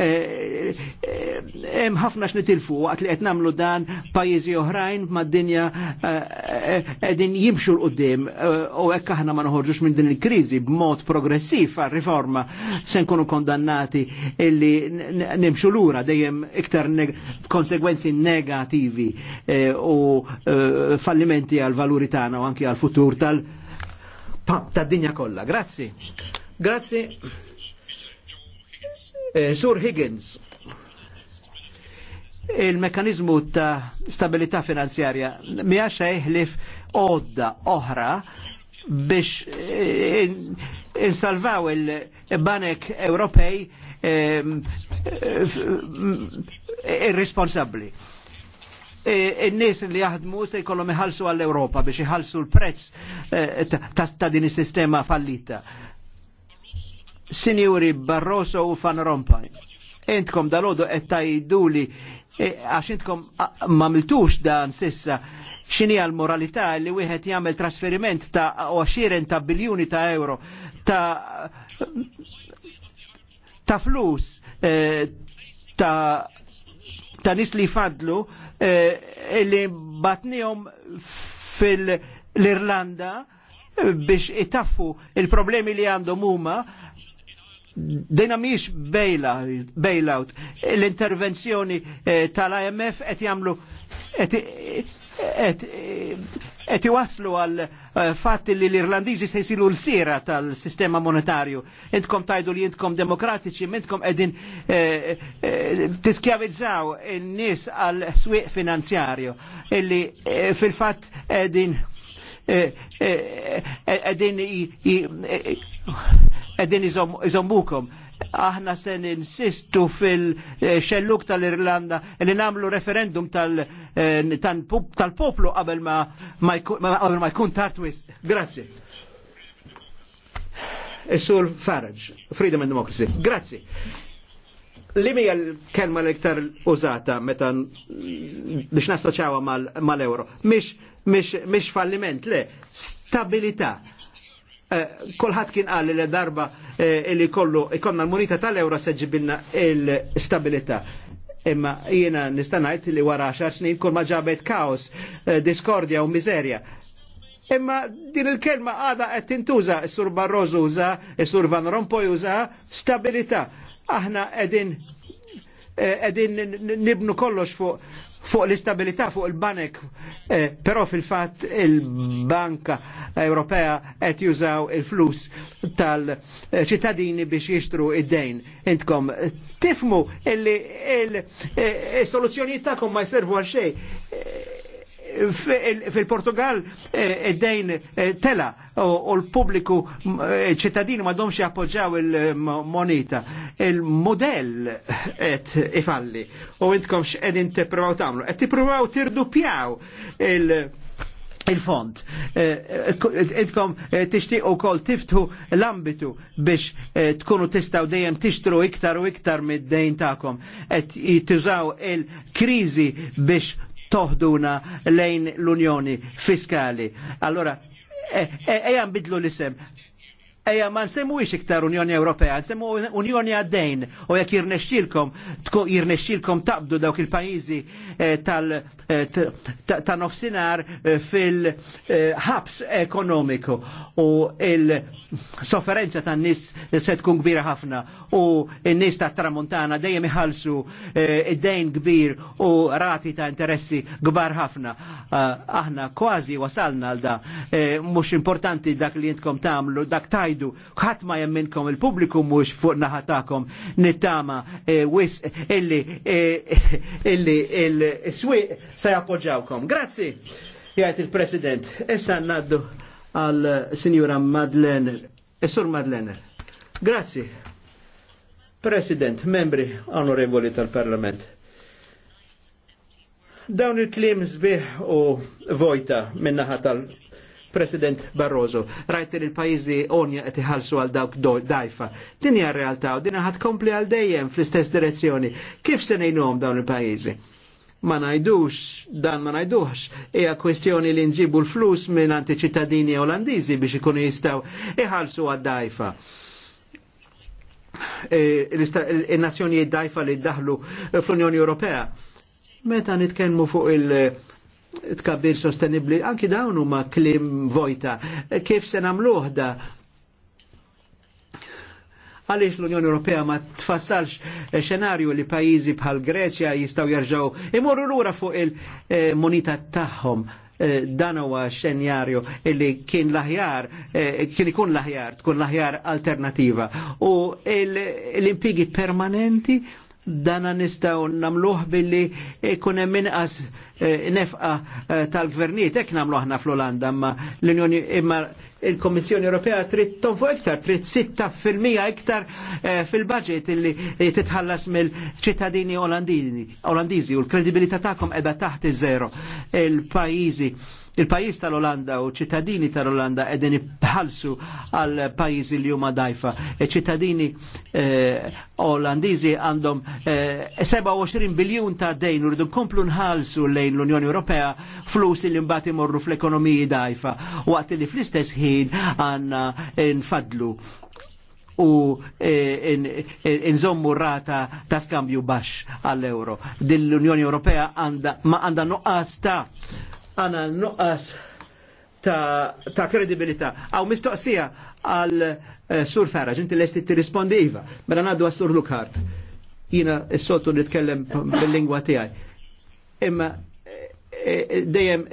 Eh, eh, hemm ħafna x'nitilfu waqt li qed nagħmlu dan pajjiżi oħrajn mad-dinja qegħdin jimxu l qudiem u hekk aħna ma noħorġux minn din il-kriżi b'mod progressiv għar-riforma se nkunu kondannati illi nimxu lura dejjem iktar konsegwenzi negativi u fallimenti għal valuri tagħna u anki għal futur tal- ta' dinja kolla. Grazzi. Grazzi. Eh, Sur Higgins il-mekanizmu ta' stabilità finanzjarja mi għaxa jihlif odda oħra biex eh, insalvaw il-banek Ewropej eh, irresponsabli. Eh, E, e, n-nies li jaħdmu se jkollhom iħallsu għall-Ewropa biex iħallsu l-prezz e, ta' din is-sistema fallita. Sinjuri Barroso u Van Rompuy, intkom dal ħodu qed tajduli għax intkom mamiltux dan sissa xini għal moralità li wieħed jagħmel trasferiment ta' 20 ta' biljuni ta' euro ta' ta' flus ta' ta' nis li fadlu Eh, li batnijom fil-Irlanda biex itaffu il-problemi li għandhom huma dejna miex bailout. L-intervenzjoni eh, tal-IMF qed jagħmlu eh, Et iwaslu għal eh, fatti li l-Irlandiżi se jsiru l-sira tal-sistema monetarju. Intkom tajdu li intkom demokratiċi, intkom edin eh, eh, tiskjavizzaw in-nies għal swieq finanzjarju illi fil edin edin edin qegħdin iżommukom aħna se ninsistu fil-xelluk tal-Irlanda li namlu referendum eh, tal-poplu qabel ma jkun tartwis. Grazzi. Sul Farage, Freedom and Democracy. Grazzi. Li mija l-kelma l-iktar użata meta biex nasoċawa mal-euro? Mish, mish, mish falliment, le, stabilita' Eh, kolħat kien għalli li darba eh, li kollu ikonna l-munita tal-euro seġibilna il-stabilita. Imma jiena nistanajt li wara 10 snin kol ma ġabet kaos, eh, diskordja u mizerja. Imma din il-kelma għada qed tintuża sur Barroso uża, s sur Van Rompuy uża stabilità. Aħna qegħdin edin nibnu kollox fuq fuq l-istabilità fuq il-banek, eh, però fil-fat il-Banka Ewropea qed jużaw il-flus tal-ċittadini biex jixtru id-dejn. Intkom tifmu illi il-soluzzjonijiet eh, eh, tagħkom ma jservu għal xejn. Fil-Portugal eh, id eh, tela u l publiku eh, ċittadini ma domx jappoġġaw il-moneta. Il-modell et ifalli u intkom x-edin x'edin tippruvaw tagħmlu. Qed tippruvaw tirdupjaw il- il-fond. Idkom tixtiq u kol tiftu l-ambitu biex tkunu tistaw dejjem tixtru iktar u iktar mid-dejn ta'kom. Et jittużaw il-krizi biex toħduna lejn l-Unjoni Fiskali. Allora, ejan e, e, e bidlu l-isem Eja, ma ix iktar Unjoni Ewropea, nsemmu Unjoni għaddejn, u jek jirnexxilkom, jirnexxilkom tabdu dawk il-pajizi eh, tal-nofsinar eh, eh, fil-ħabs ekonomiku u il-sofferenza tan nis se tkun kbira ħafna u n-nis ta' tramontana dejjem iħalsu id-dejn kbir u rati ta' interessi kbar ħafna. Aħna kważi wasalna għal da, mux importanti dak li jintkom tamlu, dak tajdu tajdu ħadd ma hemm minnkom il-pubbliku mhux fuq naħatakom nittama eh, wis illi eh, illi il-swieq se jappoġġawkom. Grazzi, jgħid il-President. Issa ngħaddu għal Sinjura Madlener. Is-Sur eh, Madlener. Grazzi. President, membri onorevoli tal-Parlament dawn il-klim zbih u vojta minnaħa tal President Barroso, rajt li l-pajizi onja qed iħallsu għal dawk dajfa. Din hija realtà u din ħad kompli għal dejjem fl-istess direzzjoni. Kif se ngħinuhom dawn il-pajjiżi? ma najdux, dan ma najdux, hija kwestjoni li nġibu l-flus minn antiċittadini ċittadini olandizi biex ikunu jistaw iħalsu għad-dajfa. E, Il-nazzjonijiet e, dajfa li daħlu fl-Unjoni Ewropea. Meta nitkellmu fuq il- tkabbir sostenibli, anki dawn huma klim vojta. E kif se nagħmluh da? Għaliex l-Unjoni Ewropea ma tfassalx e, xenarju li pajjiżi bħal Greċja jistgħu jerġgħu imorru lura fuq il-monita tagħhom e, dan huwa xenjarju illi kien l-aħjar, kien ikun laħjar, tkun l-aħjar alternativa. U l-impigi permanenti dana nistaw namluħ billi hemm minqas eh, nefqa eh, tal-gvernijiet, ek nagħmlu aħna fl-Olanda, imma l-Unjoni, imma il kummissjoni Ewropea trid tonfu iktar, trid 6% iktar eh, fil-budget illi titħallas mill-ċittadini Olandizi u l-kredibilità tagħkom qiegħda taħt iż-żero. Il-pajjiżi Il-pajis tal-Olanda u ċittadini tal-Olanda edin bħalsu għal pajis li huma dajfa. E ċittadini e, Olandizi għandhom 27 e, biljun ta' dejn u rridu komplu nħalsu lejn l-Unjoni Ewropea flus li mbagħad imorru fl-ekonomiji dajfa. Waqt li fl-istess ħin għandna nfadlu u nżommu rata ta' skambju baxx għall-euro. Din l-Unjoni Ewropea ma għandha nuqqas ta' għana nuqqas ta', ta kredibilità. Għaw mistoqsija għal eh, Sur Farage, inti lesti tirrispondi iva, mela għaddu għas Sur Lukart. Jina s-soltu nitkellem bil-lingwa tiegħi. Imma eh, eh, dejjem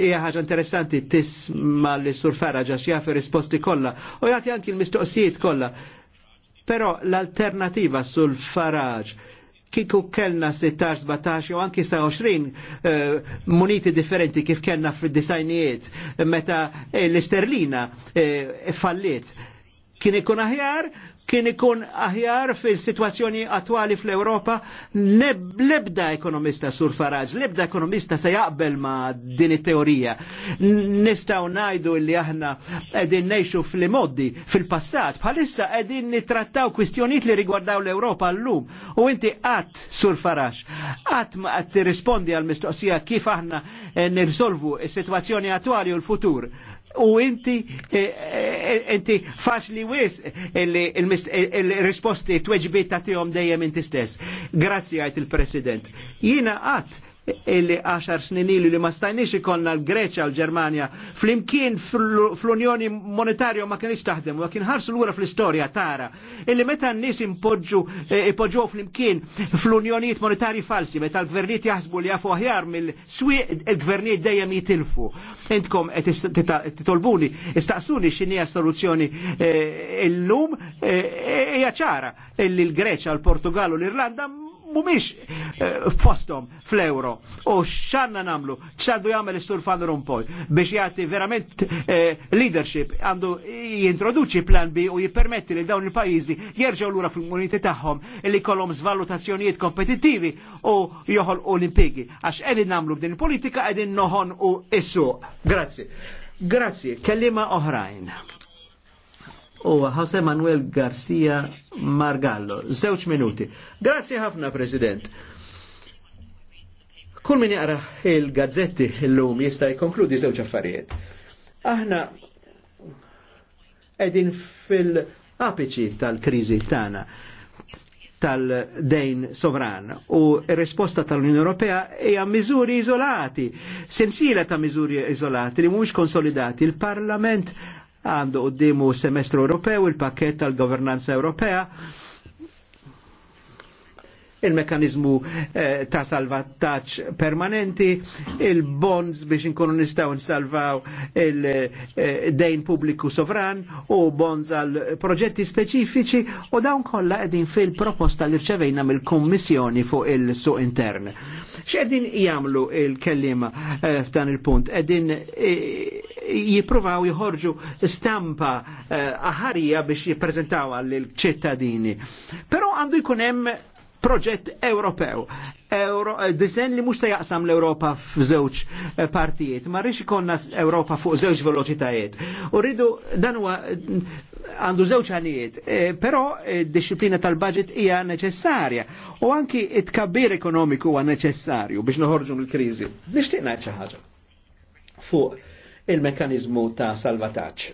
hija ħaġa interessanti tisma li Sur Farage għax jafi risposti kollha u jagħti anki l-mistoqsijiet kollha. Però l-alternativa sul Farage kiku kellna 16, 17 u anki 20 moniti eh, muniti differenti kif kellna fil-disajnijiet meta eh, l-isterlina eh, falliet fallit kien ikun aħjar kien ikun aħjar fil-situazzjoni attwali fl-Europa lebda ekonomista sur Faraġ, lebda ekonomista se jaqbel ma din it-teorija. Nistaw najdu li aħna edin neħxu fil-moddi fil-passat, bħalissa edin nitrattaw kwistjoniet li rigwardaw l-Europa l-lum. U inti għat sur Faraġ, għat ma għat rispondi għal-mistoqsija kif aħna eh, nirsolvu il situazzjoni attwali u l-futur u inti eh, eh, inti faċli wis eh, il-risposti tweġbiet ta' tihom dejjem inti stess. Grazzi għajt il-President. Jina għat illi 10 snin ilu li ma stajniex ikonna l-Greċa l-Ġermanja flimkien fl-Unjoni Monetarju ma kienx taħdem u kien ħarsu l-ura fl-istorja tara illi meta n-nies impoġġu eh, ipoġġu flimkien fl-Unjonijiet Monetarji falsi meta l-gvernijiet jaħsbu li jafu aħjar mill-swieq l gvernijiet dejjem jitilfu. Intkom qed titolbuni istaqsuni x'inhi soluzzjoni eh, illum eh, hija ċara illi l-Greċa, l-Portugal u l-Irlanda mumiex eh, fostom fl-euro. U xanna namlu, xandu jgħamil istur fan rumpoj biex jgħati verament eh, leadership, għandu jintroduċi plan B u jipermetti li dawn il-pajizi jerġaw l-ura fil-muniti tagħhom li kolom zvalutazzjonijiet kompetittivi u joħol olimpiki. Għax edin namlu b'din politika edin noħon u issu. Grazzi. Grazie. kellima oħrajn u Jose Manuel Garcia Margallo. Zewċ minuti. Grazie ħafna, President. Kull min jara il-gazzetti l-lum jista' jkonkludi żewġ affarijiet. Aħna edin fil apici tal-kriżi tana tal-dejn sovran u risposta tal-Unjoni Ewropea hija miżuri izolati, sensiela ta' miżuri izolati li mhumiex konsolidati. Il-Parlament għandu qoddimu semestru Ewropew, il-pakket tal-governanza Ewropea, il-mekanizmu eh, ta' salvataċ permanenti, il-bonds biex inkunu nistaw nsalvaw il-dejn eh, pubbliku sovran u bonds għal proġetti speċifiċi u dawn kollha qegħdin fil-proposta li rċevejna mill-Kummissjoni fuq il-suq intern. X'qegħdin jagħmlu il-kellima eh, f'dan il-punt? Qegħdin eh, jippruvaw jħorġu stampa eh, aħarija biex jippreżentaw għall ċittadini. Però għandu jkun hemm proġett Ewropew. Euro, eh, disen li mux jaqsam l-Europa f'żewġ eh, partijiet, ma rix ikonna Europa fuq żewġ veloċitajiet. U rridu dan eh, għandu żewġ għanijiet, però disciplina tal-budget hija neċessarja u anki it-kabbir ekonomiku huwa neċessarju biex noħorġu mill-kriżi. Nixtieq ngħid xi ħaġa fuq il mekanizmu ta' salvataġġ.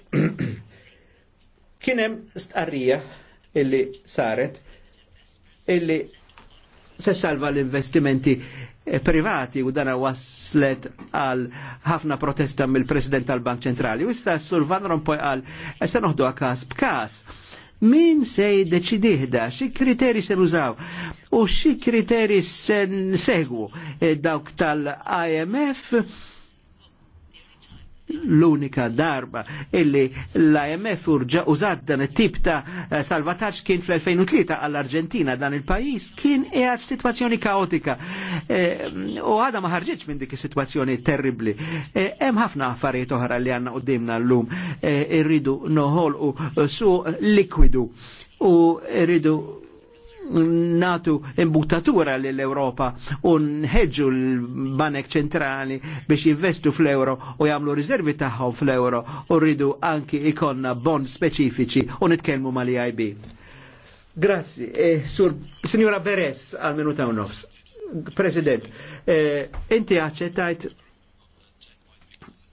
[clears throat] Kien hemm stqarrija illi saret illi se salva l-investimenti eh, privati u dana waslet għal ħafna protesta mill-President tal-Bank Ċentrali. U issa Sur Van Rompuy għal, eh, se noħdu għakas b'kas. Min se jiddeċidihda, xi kriteri se użaw u xi kriteri se segwu eh, dawk tal-IMF l-unika darba illi l-IMF urġa użad dan it-tip ta' eh, salvataġġ kien fl-2003 għall-Arġentina dan il-pajis kien qiegħed f'sitwazzjoni kaotika. Eh, u għada ma ħarġitx minn dik is-sitwazzjoni terribli. Eh, hemm ħafna affarijiet oħra li għandna qudiemna llum irridu noħolqu su likwidu u rridu natu imbutatura l-Europa un nħedġu l-Banek ċentrali biex jinvestu fl-euro u jamlu rizervi taħħom fl-euro u rridu anki ikonna bond speċifiċi u nitkelmu ma li ib Grazzi, eh, sur Signora Beres għal minuta u nofs. President, eh, inti eh,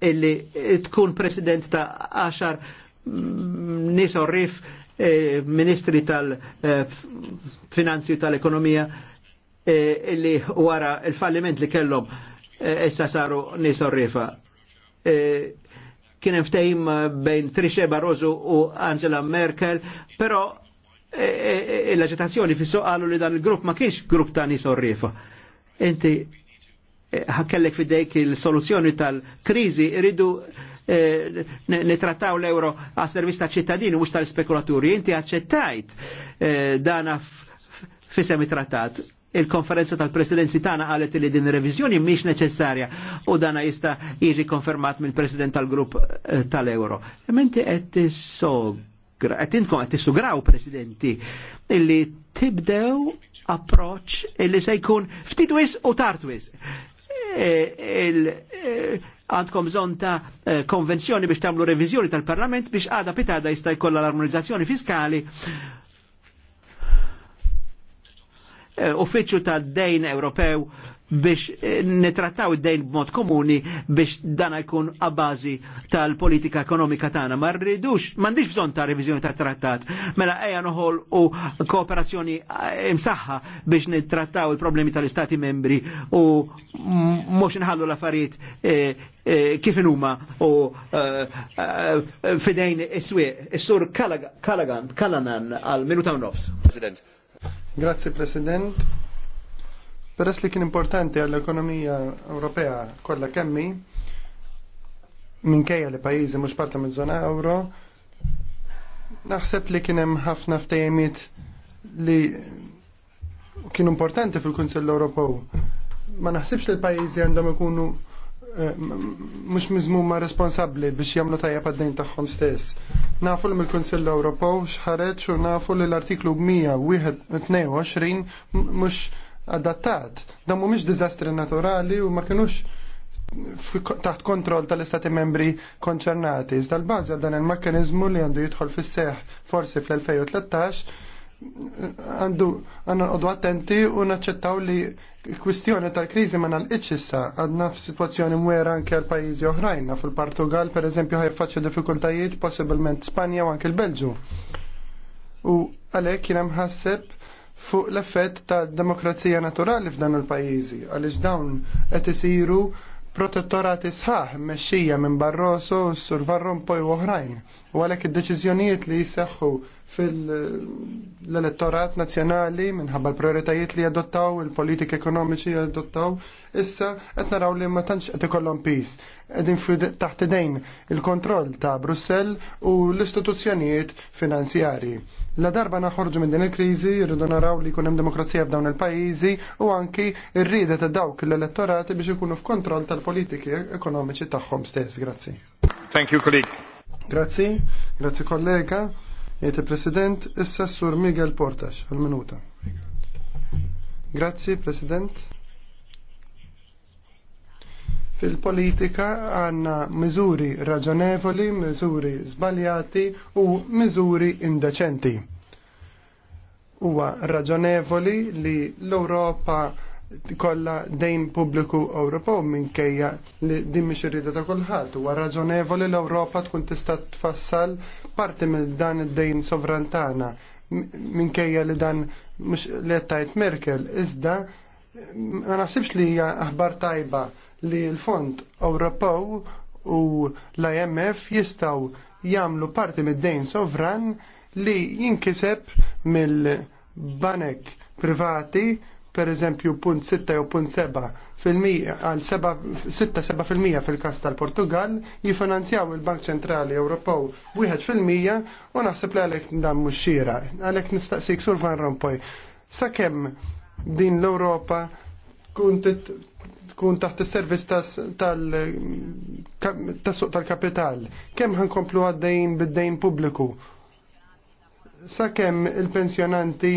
illi tkun president ta' 10 mm, nisorrif rif Eh, ministri tal-finanzi tal-ekonomija eh, illi wara il-falliment li kellom eh, issa saru rifa. Kien ftehim bejn Trishe Barroso u Angela Merkel, però l-aġitazzjoni fissu qalu li dan il-grupp ma kienx grupp ta' rifa. Inti ħakellek fidejk il soluzjoni tal-krizi irridu Eh, nitrattaw l-euro għas servis ta' ċittadini mhux tal-spekulaturi. Inti aċċettajt eh, dana fisem trattat il-konferenza tal-presidenzi tana għalet li din revizjoni miex neċessarja u dana jista jiġi konfermat mill president tal-grupp eh, tal-euro. Menti qed sogra, qed inkom qed sugraw presidenti illi tibdew approċ illi se jkun ftitwis u tartwis. E, e, għandkom bżon ta' e, konvenzjoni biex tamlu revizjoni tal-Parlament biex għada pitada jista' jkollha l-armonizzazzjoni fiskali uffiċċju ta' dejn Ewropew biex eh, nitrattaw id-dejn b'mod komuni biex dan jkun għabbażi tal-politika ekonomika tagħna. Ma rridux, m'għandix bżonn ta' reviżjoni ta' trattat, mela ejja noħol u kooperazzjoni eh, imsaħħa biex nittrattaw il-problemi tal-Istati membri u mhux inħallu l-affarijiet eh, kif huma u fidejn is-swieq. Is-sur Kalagan, Kalanan għal minuta u nofs. President. Grazie President Peress li kien importanti għall-ekonomija Ewropea kollha kemmi, minkejja li pajjiżi mhux parti miż żona euro, naħseb li kien hemm ħafna ftejjemiet li kienu importanti fil-Kunsill Ewropew. Ma naħsibx li l-pajjiżi għandhom ikunu eh, mux ma responsabbli biex jagħmlu tajja pad-dejn tagħhom stess. Nafu li mill kunsill Ewropew x'ħareġ u nafu li l-artiklu 121 mhux adattat. Dan mhumiex diżastri naturali u ma kinux taħt kontroll tal-istati membri konċernati. Iżda l-bażi għal dan il-mekkanizmu li għandu jidħol fis-seħ forsi fl-2013 għandu għanna nqodu attenti u naċċettaw li kwistjoni tal-krizi ma nalqitx issa għadna f'sitwazzjoni mwera anke għal pajjiżi oħrajna. Fil-Portugal, per eżempju, ħajfaċċa diffikultajiet possibilment Spanja u anke l-Belġu. U għalhekk kien hemm ħasseb fuq l-effett ta' demokrazija naturali f'dan il-pajjiżi għaliex dawn qed isiru protettorati sħaħ mmexxija minn Barroso u Sur Van Rompuy u oħrajn. U għalhekk id-deċiżjonijiet li jseħħu fil-elettorat nazzjonali minħabba l-prioritajiet li adottaw, il-politika ekonomiċi adottaw, issa qed naraw li ma tantx qed ikollhom pis. Qegħdin taħt idejn il-kontroll ta' Brussell u l-istituzzjonijiet finanzjarji. La darba naħorġu minn din il-kriżi, rridu naraw li jkun hemm demokrazija f'dawn il-pajjiżi u anki rrida ta' dawk l-elettorati biex ikunu f'kontroll tal-politiki ekonomiċi tagħhom stess. Grazzi. Thank you, colleague. Grazzi, grazzi kollega. Jiet il-President, issa Sur Miguel Portax, għal-minuta. Grazzi, President. Fil-politika għanna miżuri raġonevoli, miżuri zbaljati u miżuri indeċenti. Huwa raġonevoli li l-Ewropa kolla dejn pubbliku Ewropew minkejja li din mhix irrida ta' kulħadd. Huwa raġonevoli l-Ewropa tkun tista' tfassal parti minn dan id-dejn sovrantana minkejja li dan mhux li tajt Merkel iżda ma naħsibx li hija aħbar tajba li l-Fond Ewropew u l-IMF jistaw jagħmlu parti mid-dejn sovran li jinkiseb mill-banek privati per eżempju punt 6 jew punt 7 fil-mija għal 6-7 fil-mija fil-kas tal-Portugal jifinanzjaw il-Bank Ċentrali Ewropew wieħed fil-mija u naħseb li għalhekk dan mhux xira. Għalhekk nistaqsik Sur Van Rompuy. Sakemm din l-Ewropa kun tkun taħt is-servizz tas-suq tal-kapital. Kemm ħankomplu għaddejn bid-dejn pubbliku? Sakemm il-pensjonanti,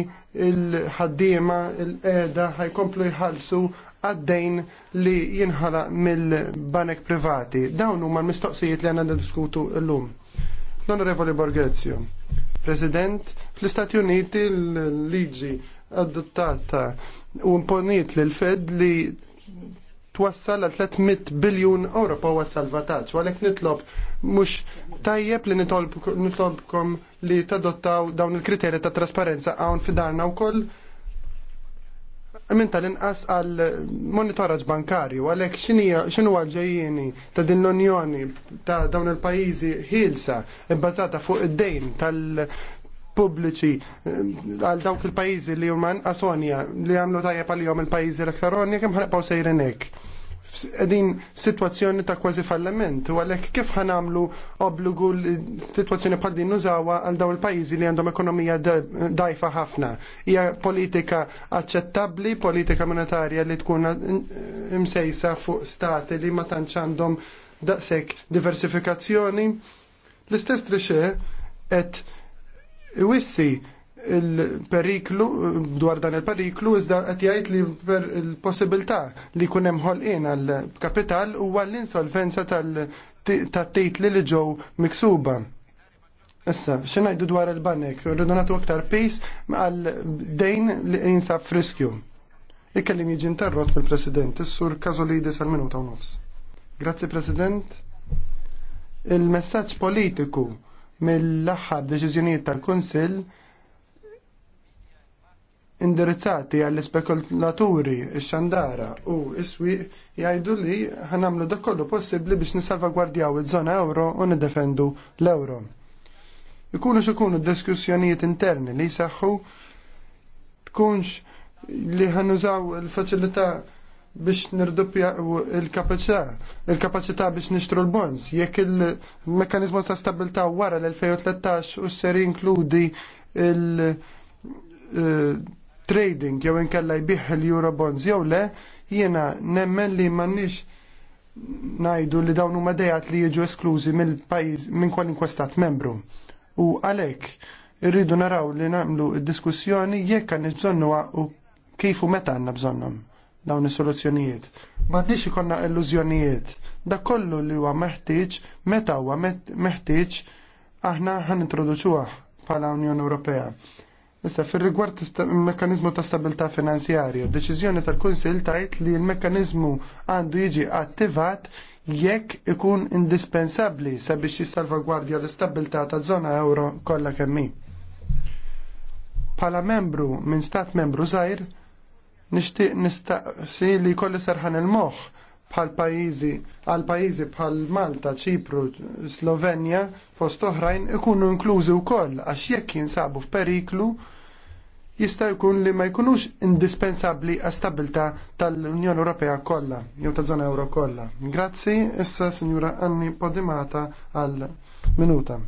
il-ħaddiema, il-qeda ħajkomplu jħallsu għaddejn li jinħala mill-banek privati. Dawn huma l-mistoqsijiet li għandna diskutu llum. L-Onorevoli Borghezio, President, fl-Istati Uniti l-liġi adottata u imponiet l-Fed li twassal għal 300 biljun Ewropa huwa salvataġġ. Għalhekk nitlob mhux tajjeb li nitolbkom li tadottaw dawn il-kriterji ta' trasparenza hawn fidarna wkoll minn tal-inqas għal monitoraġ bankarju, għalek xinu għalġajjeni ta' din l-Unjoni ta' dawn il-pajizi ħilsa, bbażata fuq id-dejn tal- pubbliċi eh, għal dawk il-pajizi li juman asonja li għamlu tajja pal-jom il-pajizi l-aktaronja kem ħarqaw sejrenek. Din situazzjoni ta' kważi falliment, u għalek kif ħanamlu obbligu situazzjoni bħal din nużawa għal dawn il-pajizi li għandhom ekonomija dajfa ħafna. Hija politika aċċettabbli, politika monetarja li tkun imsejsa fuq stati li ma tantx għandhom daqshekk diversifikazzjoni. L-istess trixe qed Wissi il-periklu, dwar dan il-periklu, iżda qed jgħid li l-possibilità li jkun hemm ħolqien għall-kapital huwa l-insolvenza tal titli li ġew miksuba. Issa, xinajdu dwar il-banek, rridu nagħtu aktar pis għal dejn li jinsab friskju. Ikkellim jiġi interrot mill-President, is-sur Kazolidis għal minuta u nofs. Grazzi President. Il-messaġġ politiku mill-aħħar deċiżjonijiet tal-Kunsill indirizzati għall-ispekulaturi, x xandara u s-swieq jgħidu li ħanamlu dakollu kollu possibbli biex nisalvagwardjaw il żona euro u nidefendu l-euro. Ikunu xikunu diskussjonijiet interni li jisaxħu tkunx li ħannużaw il-faċilità biex nirduppja il-kapacità, il-kapacità biex nixtru l-bonds. Jekk il-mekanizmu ta' stabilità wara l-2013 u s-ser inkludi il-trading eh, jew inkella jbiħ il-Eurobonds jew le, jiena nemmen li mannix najdu li dawnu madejat li jiġu esklużi mill-pajiz minn kwalinkwa stat membru. U għalek, irridu naraw li namlu diskussjoni jekk għan bżonnu kif u meta għanna bżonnom dawn is-soluzzjonijiet. M'għandniex ikonna illużjonijiet. Dak kollu li huwa meħtieġ meta huwa meħtieġ aħna ħan introduċuha bħala Unjoni Ewropea. Issa, fir rigward il-mekkanizmu ta' stabilità finanzjarja, deċiżjoni tal kunsill tajt li l mekkanizmu għandu jiġi attivat jekk ikun indispensabbli sabiex jissalvagwardja l-istabilità ta' zona euro kollha kemmi. Pala membru minn stat membru żgħir, nixtieq nistaqsi li jkolli serħan il-moħħ bħal pajjiżi għal pajjiżi bħal Malta, Ċipru, Slovenja fost oħrajn ikunu inklużi wkoll għax jekk jinsabu f'periklu jista' jkun li ma jkunux indispensabbli għas stabilta tal-Unjoni Ewropea kollha jew tal-żona Ewro kollha. Grazzi issa Sinjura Anni Podimata għal minuta.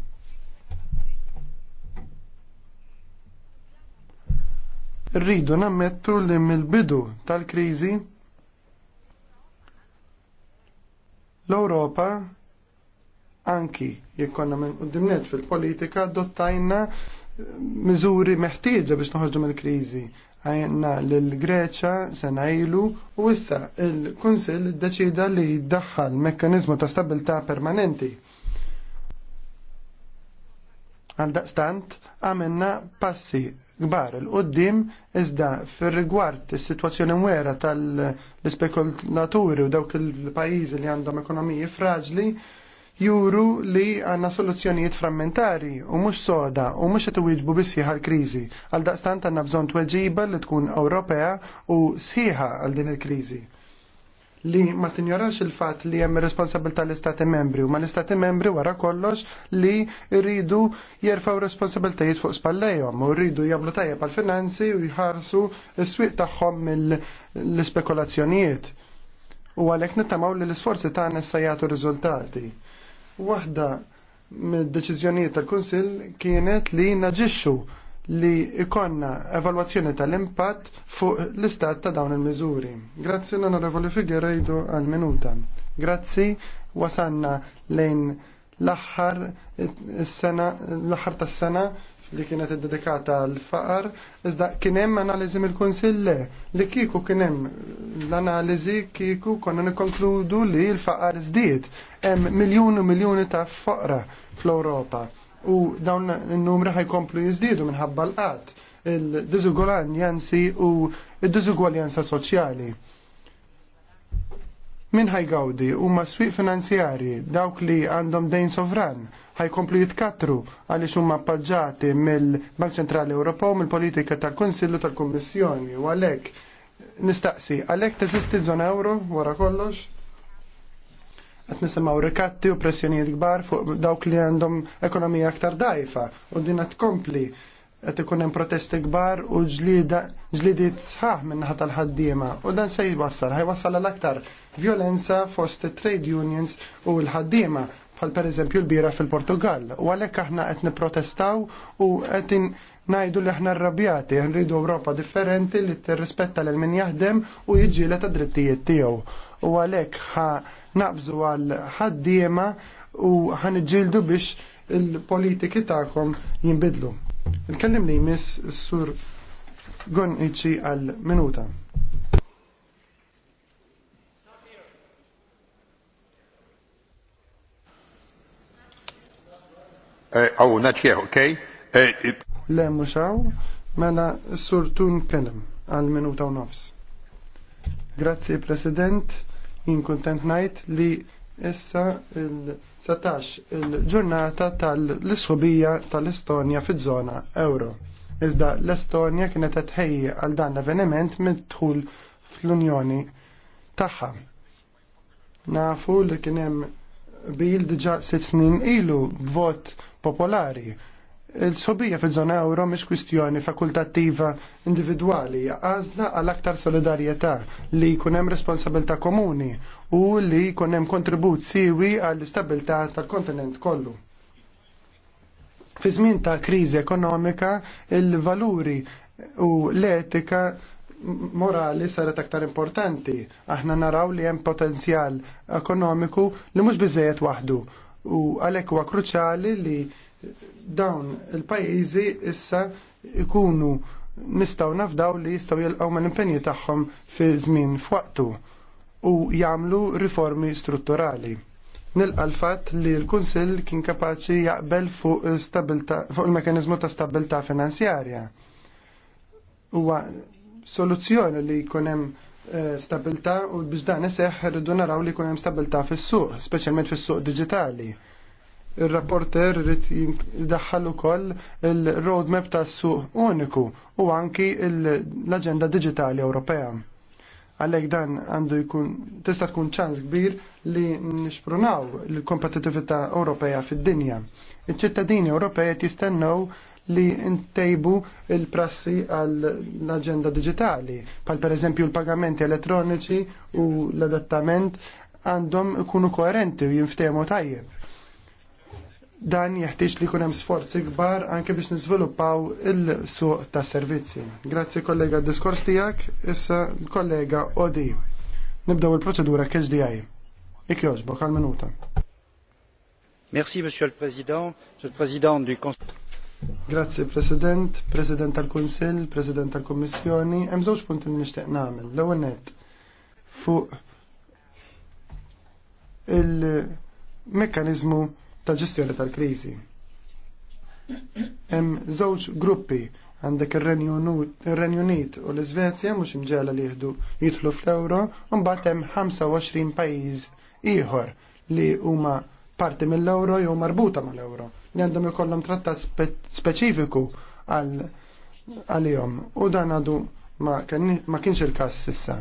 rridu nammettu li mill-bidu tal-kriżi l-Ewropa anki jekkonna minn qudimnet fil-politika dottajna eh, miżuri meħtieġa biex noħorġu mill-kriżi. Għajna l-Greċa sena ilu u issa il-Kunsill deċida li jiddaħħal mekkanizmu ta' stabilità permanenti Għaldaqstant, għamilna passi kbar il-qoddim iżda fir-rigward is-sitwazzjoni wera tal-spekulaturi u dawk il-pajjiżi li għandhom ekonomiji fraġli juru li għanna soluzzjonijiet frammentari u mhux soda u mhux qed iwieġbu bisħiħa l-kriżi. Għaldaqstant għandna bżonn tweġiba li tkun Ewropea u sħiħa għal din il-kriżi li ma tinjorax il-fat li hemm responsabilità l-Istati membri u ma l-Istati membri wara kollox li rridu jerfaw responsabiltajiet fuq spallejhom u rridu jagħmlu tajjeb għal finanzi u jħarsu s-swieq tagħhom mill-spekulazzjonijiet. U għalhekk nittamaw li l-isforzi tagħna issa jagħtu riżultati. Waħda mid-deċiżjonijiet tal-Kunsill kienet li naġixxu li ikonna evalwazzjoni tal-impatt fuq l-istat ta' dawn il-miżuri. Grazzi l-Onorevoli Figueiredo għal-minuta. Grazzi wasanna lejn l-aħħar sena l-aħħar tas-sena li kienet dedikata l-faqar, iżda kien hemm analiżi mill-Kunsill le, li kieku kien hemm l-analiżi kieku konna nikkonkludu li l-faqar żdied. Hemm miljuni u miljuni ta' foqra fl-Ewropa u dawn il-numri ħajkomplu jizdidu minħabba l-qat il dizugolanjansi u il-diżugwaljanza soċjali. Min ħajgawdi u ma swiq finanzjari dawk li għandhom dejn sovran ħajkomplu jitkatru għaliex huma appoġġati mill-Bank Ċentrali Ewropew mill-politika tal-Konsillu tal-Kummissjoni u għalhekk nistaqsi għalhekk teżisti żona euro wara kollox? qed nisimgħu rikatti u pressjonijiet kbar fuq dawk li għandhom ekonomija aktar dajfa u din qed tkompli qed ikun hemm protesti kbar u ġlidiet sħaħ minn ħat tal-ħaddiema u dan se jwassal, ħajwassal għal aktar violenza fost trade unions u l-ħaddiema bħal pereżempju l-bira fil-Portugal u għalhekk aħna qed nipprotestaw u qed ngħidu li aħna rrabjati, nridu Ewropa differenti li tirrispetta l min jaħdem u jiġi ta' drittijiet tiegħu. U għalhekk naqbżu għal ħaddiema u ħanġildu biex il-politiki tagħkom jinbidlu. Il-kellim li jmiss sur iċi għal minuta. Aw, eh, oh, not here, eh, Le, muxaw, mela surtun kellim għal minuta u nofs. Grazie, President Jien kuntent ngħid li issa il 17 il-ġurnata tal-isħubija tal-Estonja fiż-żona euro. Iżda l-Estonja kienet tħejji għal dan l-avveniment mid-dħul fl-Unjoni tagħha. Nafu li kien hemm bil diġa' sitt snin ilu b'vot popolari Il-sobija fil-żona euro mhix kwistjoni fakultattiva individwali, għażla għal aktar solidarjetà li jkun hemm responsabilità komuni u li jkun hemm kontribut siwi għall-istabilità tal-kontinent kollu. Fi żmien ta' kriżi ekonomika, il-valuri u l-etika morali saret aktar importanti. Aħna naraw li hemm potenzjal ekonomiku li mhux biżejjed waħdu. U għalhekk huwa kruċjali li dawn il-pajjiżi issa ikunu nistgħu nafdaw li jistaw jilqgħu mal impenji tagħhom fi żmien f'waqtu u jagħmlu riformi strutturali. Nilqa l-fatt li l-Kunsill kien kapaċi jaqbel fuq il-mekanizmu ta' stabilta' finanzjarja. Huwa soluzzjoni li jkun hemm eh, stabilta u biex dan iseħħ irridu naraw li jkun hemm stabilta fis-suq, speċjalment fis-suq diġitali il-rapporter rrit daħħal ukoll il-roadmap ta' suq uniku u anki l-agenda digitali Ewropea. Għalhekk dan għandu jkun tista' tkun ċans kbir li nixprunaw l-kompetitività Ewropea fid-dinja. Iċ-ċittadini Ewropej qed jistennew li ntejbu il-prassi għall-agenda digitali, pal per eżempju l-pagamenti elettroniċi u l-adattament għandhom ikunu koerenti u jinftemu tajjeb dan jeħtieġ li jkun hemm sforzi kbar anke biex niżviluppaw il-suq tas servizzi. Grazzi kollega d-diskors tiegħek, issa kollega Odi. Nibdaw il-proċedura KHDI. Ik jogħġbu, għal minuta. Merci, Monsieur le Président, Monsieur le Président du Conseil. Grazie President, President tal-Kunsill, President tal Commissioni. Hemm żewġ punti li nixtieq nagħmel. L-ewwel nett fuq il-mekkaniżmu tal-ġestjoni tal-kriżi. Hemm żewġ gruppi għandek ir-Renju Unit u l-Iżvezja mhux imġela li jieħdu jidħlu fl-ewro, u mbagħad hemm 25 pajjiż ieħor li huma parti mill-ewro jew marbuta mal-ewro li għandhom ikollhom trattat speċifiku għalihom u dan għadu ma kienx il-każ sissa.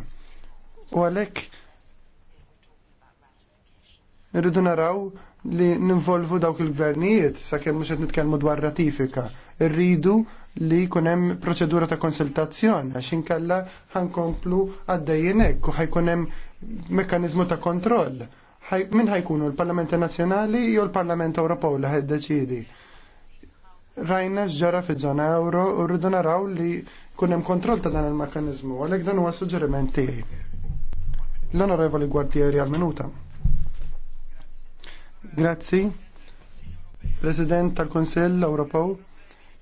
U għalhekk irridu naraw li ninvolvu dawk il-gvernijiet sakemm mhux qed nitkellmu dwar ratifika. Irridu li jkun hemm proċedura ta' konsultazzjoni għax inkella ħankomplu għaddejjin hekk u ħajkun hemm mekkaniżmu ta' kontroll. Min ħajkunu l-Parlament Nazzjonali jew l-Parlament Ewropew li ħeddeċidi rajna x'ġara fi żona euro u rridu naraw li kun hemm kontroll ta' dan il mekkaniżmu għalhekk dan huwa suġġeriment tiegħi. L-Onorevoli Gwartieri għal minuta. Grazzi, President tal-Konsell Ewropew.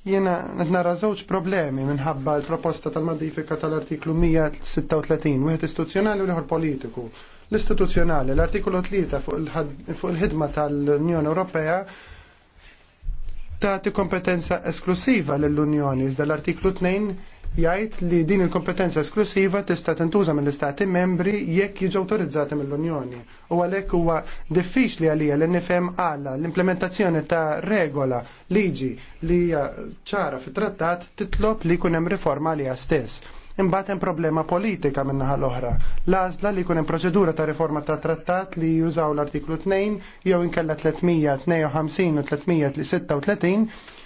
Jiena qed nara żewġ problemi minħabba l-proposta tal-modifika tal-artiklu 136, wieħed istituzzjonali u l-ieħor politiku. L-istituzzjonali, l-artiklu 3 fuq il-ħidma tal-Unjoni Ewropea tagħti kompetenza esklusiva lill-Unjoni, iżda l-artiklu 2 jgħid li din il-kompetenza esklusiva tista' tintuża mill-istati membri jekk jiġu autorizzati mill-Unjoni. U għalhekk huwa diffiċli għalija li nifhem għala l-implementazzjoni ta' regola liġi li hija ċara fit-trattat titlob li jkun hemm riforma għalija stess. Imbagħad hemm problema politika min-naħa l-oħra. L-għażla li jkun hemm proċedura ta' riforma ta' trattat li jużaw l-artiklu 2 jew inkella 352 u 336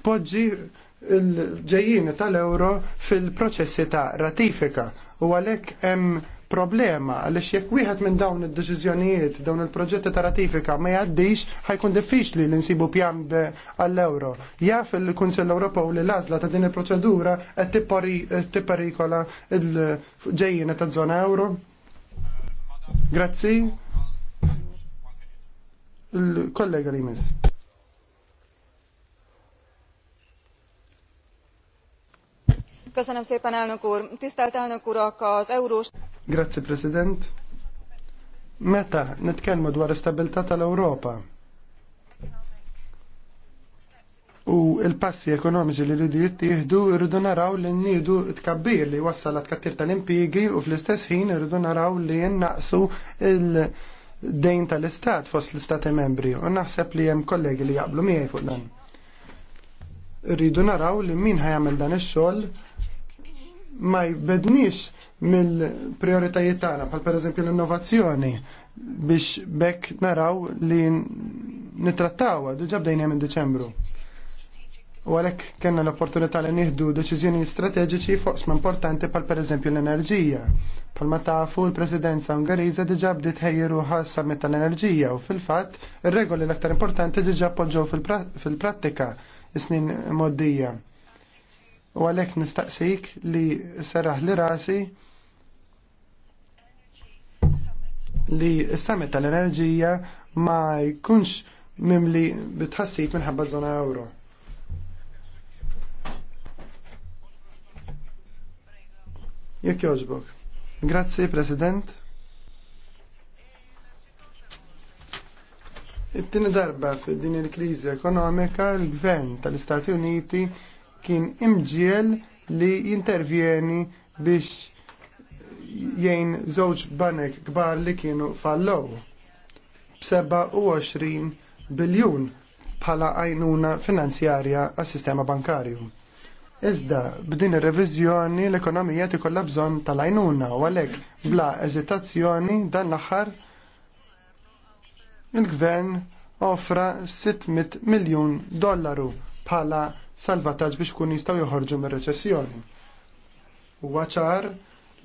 tpoġġi l-ġejjini tal-euro fil-proċessi ta' ratifika u għalhekk hemm problema għaliex jekk wieħed minn dawn id-deċiżjonijiet dawn il-proġetti ta' ratifika ma jgħaddix ħajkun diffiċli li nsibu pjan għall-euro. Jaf il-Kunsell Ewropew li l-għażla ta' din il-proċedura qed tipperikola l-ġejjina ta' żona euro. Grazzi. Il-kollega li Köszönöm szépen, elnök úr. Tisztelt elnök urak, az eurós... Grazie, president. Meta nitkellmu dwar istabilità tal-Ewropa u l-passi ekonomiċi li rridu jittieħdu rridu naraw li nniedu tkabbir li wassal għat-kattir tal-impjiegi u fl-istess ħin rridu naraw li jinnaqsu il- dejn tal-istat fost l-istati membri u naħseb li jem kollegi li jaqblu miegħi fuq dan rridu naraw li min ħajamel dan ix-xogħol ma jbedniex mill-prioritajiet tagħna bħal pereżempju l-innovazzjoni biex bekk naraw li nitrattaw diġà bdejna minn Deċembru. U għalhekk kena l-opportunità li nieħdu deċiżjoni strateġiċi foqsma importanti per eżempju l-enerġija. ma tafu l-Presidenza Ungariża diġà bdiet ħejru summit tal-enerġija u fil-fatt ir-regoli l-aktar importanti diġà poġġew fil-prattika. fil prattika snin moddija. U għalhekk nistaqsik li saraħ li rasi li s-summit tal-enerġija ma jkunx mimli bitħassik minħabba żona euro. Jekk jogħġbok. Grazzi, President. It-tieni darba f'din il-kriżi ekonomika l-Gvern tal-Istati Uniti kien imġiel li jintervjeni biex jgħin żewġ banek kbar li kienu fallow b'27 biljun bħala għajnuna finanzjarja għas sistema bankarju. Iżda b'din ir-reviżjoni l-ekonomija tikollha bżonn tal-għajnuna u għalhekk bla eżitazzjoni dan l-aħħar il-gvern offra 600 miljun dollaru bħala salvataġġ biex kun jistgħu joħorġu mir-reċessjoni. Huwa ċar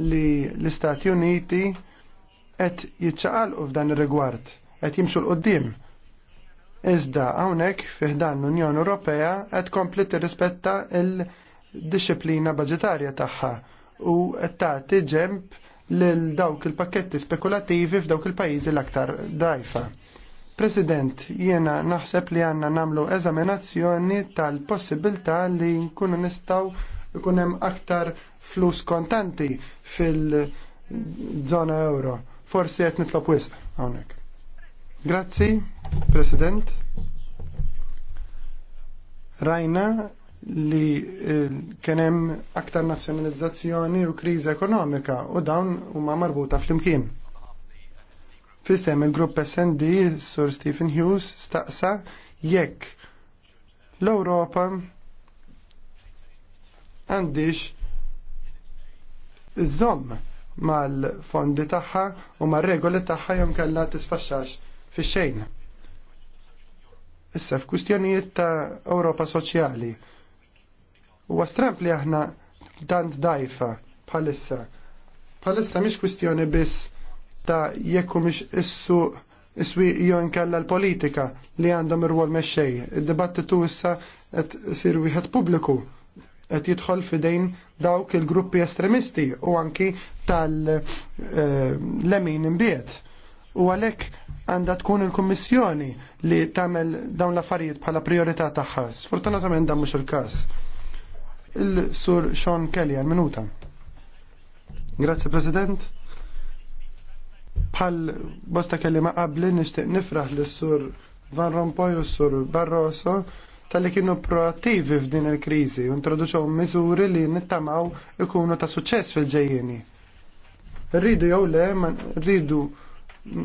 li l-Istati Uniti qed jiċċaqalqu f'dan ir-rigward, qed jimxu l qudiem Iżda hawnhekk fih dan l-Unjoni Ewropea qed kompli tirrispetta l-disciplina baġitarja tagħha u qed tagħti ġemp lil dawk il-pakketti spekulativi f'dawk il-pajjiżi l-aktar dajfa. President, jiena naħseb li għanna namlu eżaminazzjoni tal possibilta li nkunu nistaw ikun hemm aktar flus kontanti fil zona euro. Forsi qed nitlob wisq hawnhekk. Grazzi, President. Rajna li eh, kien hemm aktar nazzjonalizzazzjoni u kriżi ekonomika u dawn huma marbuta fl-imkien. Fisem il-grupp SND, Sur Stephen Hughes, staqsa jekk l-Europa għandix iżomm mal-fondi tagħha u mar-regoli tagħha jom kellha tisfaxxax fix-xejn. Issa f'kwistjonijiet ta' Ewropa Soċjali. Huwa stramp li aħna dant dajfa bħalissa. Palissa mhix kwistjoni biss ta' jekku mish is iswi iswiq jew inkella l-politika li għandhom ir-rwol mexxej. Id-dibattitu issa qed sir wieħed pubbliku qed jidħol f'idejn dawk il-gruppi estremisti u anki tal-lemin imbiet. U għalhekk għandha tkun il-Kummissjoni li tagħmel dawn l-affarijiet bħala priorità tagħha. Sfortunatament dan mhux il-każ. Il-Sur Sean Kelly għal-minuta. Grazie President. Bħal bosta ma qabli nixtieq nifraħ lis sur Van Rompuy u sur Barroso tal-li kienu proattivi f'din il-kriżi u introduċew miżuri li nittamaw ikunu ta' suċċess fil-ġejjeni. Rridu jew le, rridu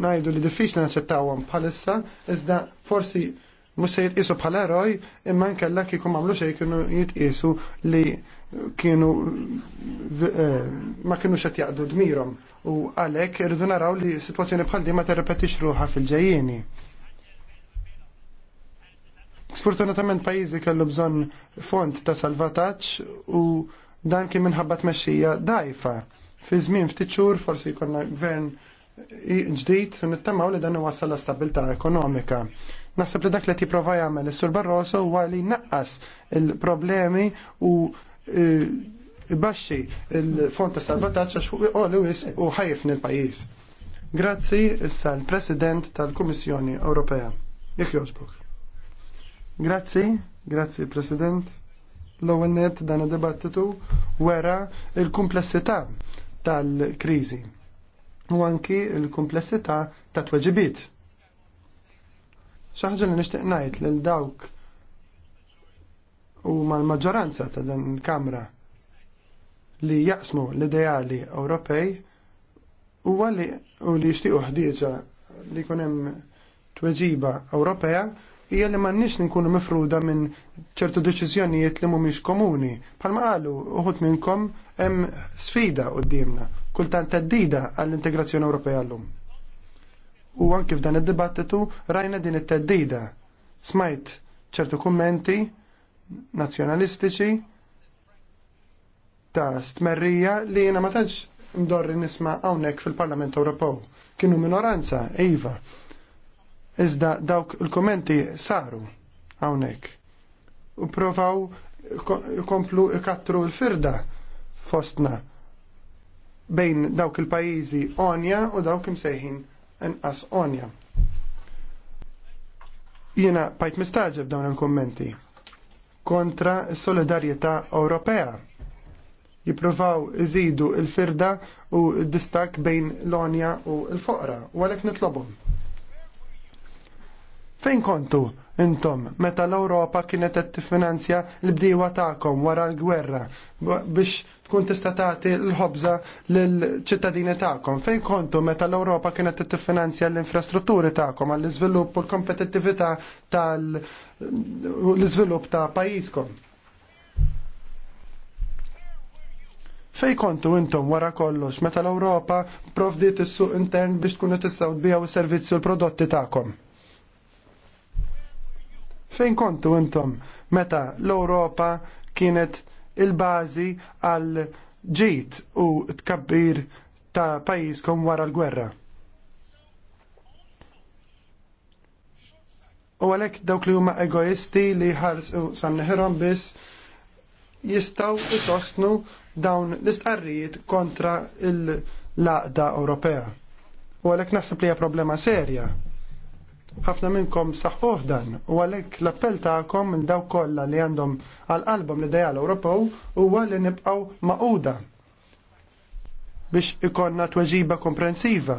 najdu li diffiċli naċċettawhom bħalissa, iżda forsi mhux se jitqisu bħal eroj, imma nkella kieku għamlu xejn kienu jitqisu li kienu eh, ma kienu xed jaqdu dmirhom u għalhekk irridu naraw li sitwazzjoni bħal di ma terrepetix ruħa fil ġajjeni Sfortunatament pajjiżi kellu bżonn font ta' salvataġġ u dan kien minħabba tmexxija dajfa. Fi żmien ftit xhur forsi jkollna gvern ġdid u nittamaw li dan iwassal la stabilta ekonomika. Naħseb li dak li tipprova jagħmel is-Sur Barroso huwa li naqqas il-problemi u eh, baxxi il font ta' salvataġġ għax għoli Lewis u ħajf l-pajjiż. Grazzi issa l-President tal-Kummissjoni Ewropea. Jekk jogħġbok. Grazzi, grazzi President. L-ewwel net dan id-dibattitu wera l kumplessità tal-kriżi u anki l-kumplessità ta' tweġibiet ċaħġa li nishtiq najt l dawk u mal-maġġoranza ta' dan il-kamra li jaqsmu l-ideali Ewropej u li u li jixtiequ ħdieġa li jkun hemm tweġiba Ewropea hija li m'għandniex nkunu mifruda minn ċertu deċiżjonijiet li mhumiex komuni. Palma qalu uħud minnkom hemm sfida qudiemna, kultant teddida għall-integrazzjoni Ewropea llum. U anke f'dan id-dibattitu rajna din it-teddida. Smajt ċertu kummenti nazzjonalistiċi ta' stmerrija li jena ma tantx mdorri nisma' hawnhekk fil-Parlament Ewropew. Kienu minoranza, iva. Iżda dawk il-kommenti saru hawnhekk. U provaw komplu ikattru l-firda fostna bejn dawk il-pajjiżi onja u dawk imsejħin inqas onja. Jiena bajt mistaġeb dawn il-kommenti kontra s-solidarjetà Ewropea jippruvaw iżidu il-firda u d-distak bejn l-onja u l-foqra, u għalhekk nitlobhom. Fejn kontu intom meta l-Ewropa kienet qed tiffinanzja l-bdiewa tagħkom wara l-gwerra biex tkun tista' tagħti l-ħobża lill-ċittadini tagħkom. Fejn kontu meta l-Ewropa kienet tiffinanzja l-infrastrutturi tagħkom għall-iżvilupp u l-kompetittività tal-iżvilupp ta' pajjiżkom. Fej kontu intom wara kollox meta l-Ewropa provdiet is-suq intern biex tkunu tistgħu tbijaw is-servizzi u l-prodotti tagħkom? Fejn kontu intom meta l-Ewropa kienet il-bażi għal ġit u tkabbir ta' pajjiżkom wara l-gwerra? U għalhekk dawk li huma egoisti li ħarsu samneħirhom biss jistgħu isostnu dawn l-istqarrijiet kontra l-laqda Ewropea. U għalhekk naħseb li hija problema serja. Ħafna minnkom saħħuħ dan u għalhekk l-appell tagħkom minn dawk kollha li għandhom għal qalbhom li ideal Ewropew huwa li nibqgħu maquda biex ikonna tweġiba komprensiva.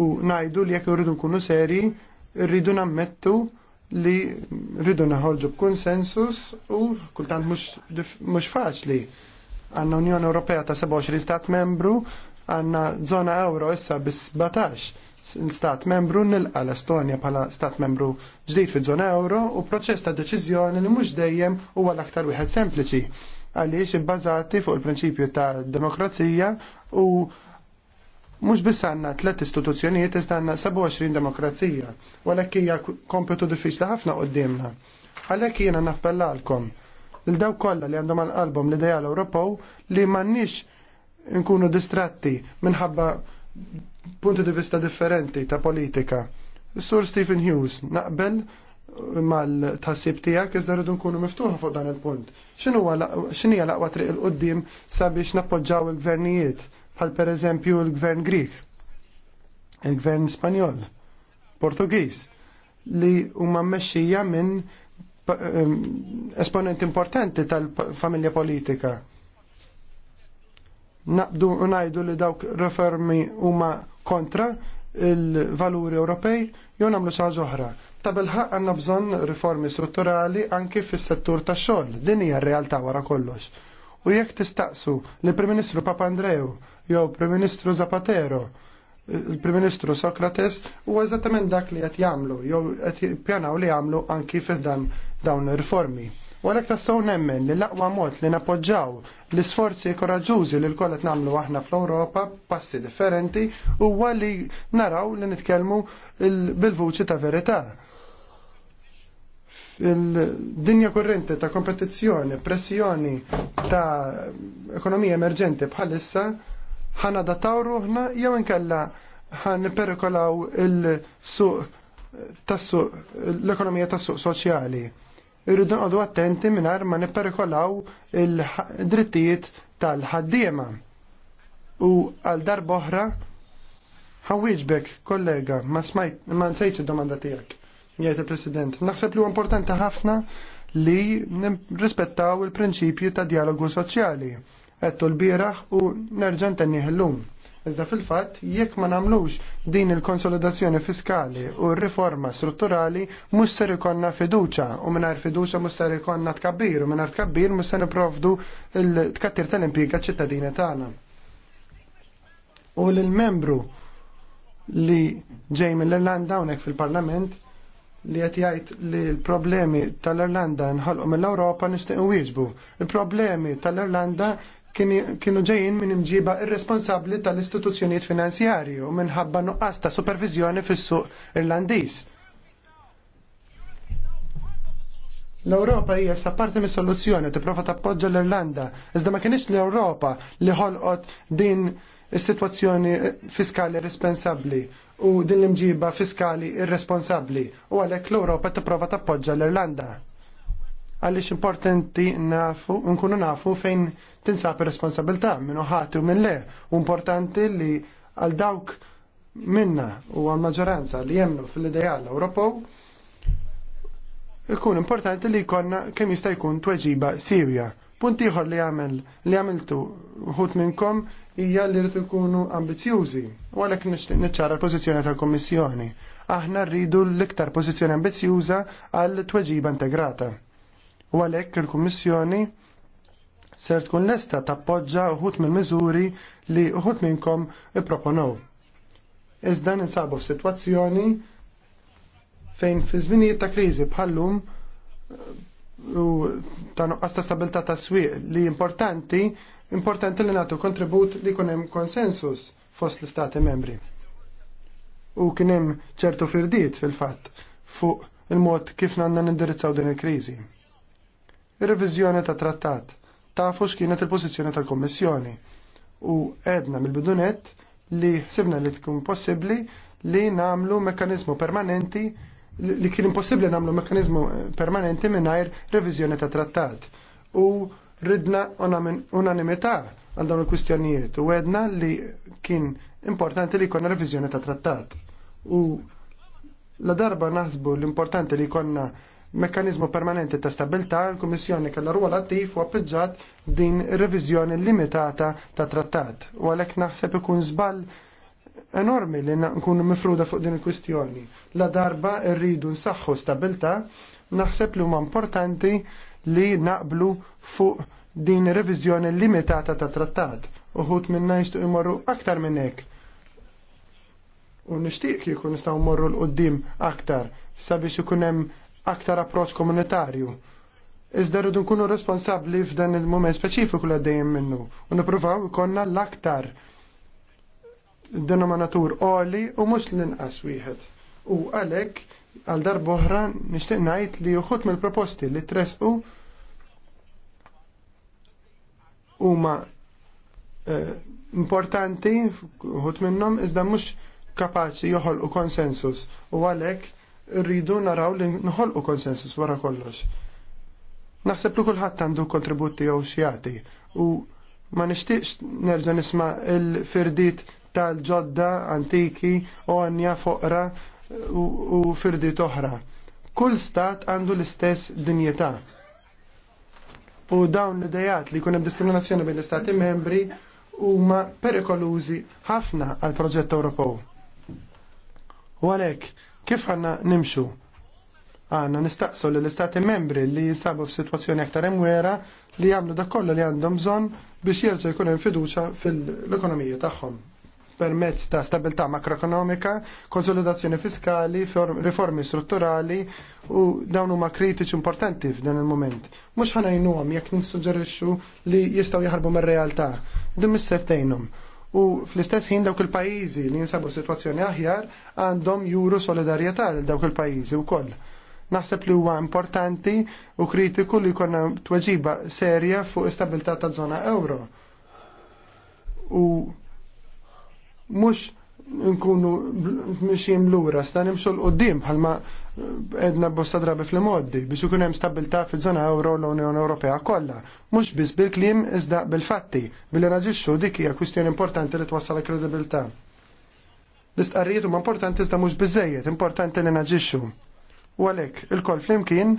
U najdu li jekk irridu nkunu seri, rridu nammettu li rridu naħolġu b'konsensus u kultant mhux faċli. Għanna Unjoni Ewropea ta' 27 stat membru, għanna zona euro issa bis 17 stat membru nilqa l-Estonja bħala stat membru ġdid fi zona euro u proċess ta' deċiżjoni li mhux dejjem huwa l-aktar wieħed sempliċi għaliex ibbażati fuq il-prinċipju ta' demokrazija u Mhux biss għandna tliet istituzzjonijiet iżda għandna 27 demokrazija, u għalhekk hija kompetu diffiċli ħafna qudiemna. Għalhekk jiena nappellalkom lil dawk kollha li għandhom għal-qalbhom li ideal Ewropew li m'għandniex nkunu distratti minħabba punti di vista differenti ta' politika. Sur Stephen Hughes, naqbel mal-tħassib tijak, iżda rridu nkunu miftuħa fuq dan il-punt. X'inhi l-aqwa triq il-qoddim sabiex nappoġġaw il-gvernijiet bħal pereżempju l-Gvern Grik, il-Gvern Spanjol, Portugiż, li huma mmexxija minn ehm, esponenti importanti tal-familja politika. Naqdu unajdu li dawk reformi huma kontra il-valuri Ewropej jew nagħmlu sa oħra. Ta' bilħaq għandna bżonn riformi strutturali anki fis-settur tax-xogħol. Din hija r-realtà wara kollox. U jekk tistaqsu li prim-ministru Papandrew jew prim-ministru Zapatero, il-prim-ministru Sokrates u eżattament dak li qed jagħmlu jew qed pjanaw li jagħmlu anki fiħdan dawn ir-riformi. U għalhekk tassew nemmen li l-aqwa mod li napoġġaw l-isforzi koraġużi li l qed nagħmlu aħna fl-Ewropa passi differenti huwa li naraw li nitkellmu bil-vuċi ta' verità fil-dinja kurrenti ta' kompetizzjoni, pressjoni ta' ekonomija emerġenti bħalissa ħana dataw ruħna jew inkella ħan perikolaw il-suq l-ekonomija tas-suq soċjali. Irridu nqogħdu attenti mingħajr ma nipperikolaw il-drittijiet tal-ħaddiema. U għal darboħra, oħra ħawieġbek kollega ma smajt ma id-domanda tiegħek. Jajta president Naħseb li huwa importanti ħafna li nirrispettaw il-prinċipju ta' dialogu soċjali. Għettu l-biraħ u nerġan tenni l-lum. Iżda fil-fat, jekk ma namlux din il-konsolidazzjoni fiskali u r-riforma strutturali, mux ser ikonna fiduċa u minar fiduċa mux ser ikonna tkabbir u minar tkabbir mux ser niprofdu il-tkattir tal-impiega ċittadini tagħna. U l-membru li ġej mill-Irlanda unek fil-parlament li qed jgħid li l-problemi tal-Irlanda nħalqu mill-Ewropa nixtieq wieġbu. Il-problemi tal-Irlanda kienu ġejjin minn imġiba irresponsabbli tal-istituzzjonijiet finanzjarji u minħabba nuqqas ta' supervizjoni fis-suq Irlandiż. L-Ewropa hija sa parti mis-soluzzjoni tipprova tappoġġa l-Irlanda, iżda ma kienx l-Ewropa li ħolqot din is-sitwazzjoni fiskali responsabbli u din l-imġiba fiskali irresponsabbli u għalhekk l-Ewropa tipprova tappoġġa l-Irlanda. Għaliex importanti nafu, nkunu nafu fejn tinsab ir-responsabilità minn uħati u minn le. U importanti li għal dawk minna u għal maġġoranza li jemnu fil-ideal Ewropew ikun importanti li jkollna kemm jista' jkun tweġiba Sirja Punt ieħor li għamel li għamiltu ħut minnkom hija li rritu ikunu ambizjużi u għalhekk niċċara l-pożizzjoni tal-Kummissjoni. Aħna rridu l-iktar pożizzjoni ambizjuża għal tweġiba integrata. U għalhekk il-Kummissjoni ser tkun lesta tappoġġa uħut mill-miżuri li uħut minnkom ipproponow iżda ninsabu f'sitwazzjoni fejn fi żminijiet ta' kriżi bħallum u ta' nuqqas ta' stabilta ta' swieq li importanti, importanti li nagħtu kontribut li jkun hemm konsensus fost l-istati membri. U kien hemm ċertu firdiet fil-fatt fuq il-mod kif għandna nindirizzaw din il-kriżi. Ir-reviżjoni ta' trattat tafu x'kienet il-pożizzjoni tal-Kommissjoni u edna mill-bidunet li sibna li tkun possibbli li namlu mekanizmu permanenti li kien impossibbli nagħmlu mekkaniżmu eh, permanenti mingħajr reviżjoni ta' trattat. U ridna unanimità għal dawn il-kwistjonijiet u għedna li kien importanti li jkollna reviżjoni ta' trattat. U la darba naħsbu l-importanti li jkollna mekkaniżmu permanenti ta' stabilta, l-Kummissjoni kellha rwol attiv u appoġġat din reviżjoni limitata ta' trattat. U għalhekk naħseb ikun żball enormi li nkunu mifruda fuq din il-kwistjoni la darba rridu nsaħħu stabilta, naħseb li huma importanti li naqblu fuq din reviżjoni limitata ta' trattat. Uħut minna jishtu imorru aktar minn hekk. U nixtieq kieku nistgħu mmorru l-qoddim aktar sabiex ikun hemm aktar approċċ komunitarju. Iżda rridu nkunu responsabbli f'dan il-mument speċifiku li għaddejjem minnu u nippruvaw ikonna l-aktar denominatur oli u mhux l-inqas wieħed. U għalhekk għal oħra nixtieq ngħid li uħut mill-proposti li tresqu huma eh, importanti uħut minnhom iżda mhux kapaċi joħolqu konsensus u għalhekk rridu naraw li nħolqu konsensus wara kollox. Naħseb li kulħadd għandu kontributi jew xjati u ma nixtieqx nerġa' nisma' il-firdit tal-ġodda antiki u għannja foqra u firdi toħra. Kull stat għandu l-istess dinjità. U dawn l-idejat li kunem diskriminazzjoni bejn l-istati membri huma perikolużi ħafna għal proġett Ewropew. U għalhekk, kif għanna nimxu? Għanna nistaqsu l istati membri li jinsabu f'sitwazzjoni aktar imwera li għamlu dak kollu li għandhom bżonn biex jerġa' jkun hemm fiduċja fil-ekonomija tagħhom permezz ta' stabilità makroekonomika, konsolidazzjoni fiskali, riformi strutturali u dawn huma kritiċi importanti f'dan il-moment. Mhux ħanajnuhom jekk nissuġġerixxu li jistgħu jaħarbu mar-realtà. Din mis U fl-istess ħin dawk il-pajjiżi li jinsabu s-sitwazzjoni aħjar għandhom juru solidarjetà lil dawk il-pajjiżi wkoll. Naħseb li huwa importanti u kritiku li jkollna tweġiba serja fuq istabilità ta' żona euro. U mhux nkunu mxie lura, sta nimxu l-qoddim bħalma eh, edna bosta drabi fl-moddi biex ikun hemm stabilità fil żona Ewro l-Unjoni Ewropea kollha, mhux biss bil-kliem iżda bil-fatti, billi naġixxu dik hija kwistjoni importanti li twassal kredibilità. L-istqarrijiet huma importanti iżda mhux biżejjed, importanti li naġixxu. U għalhekk il-koll flimkien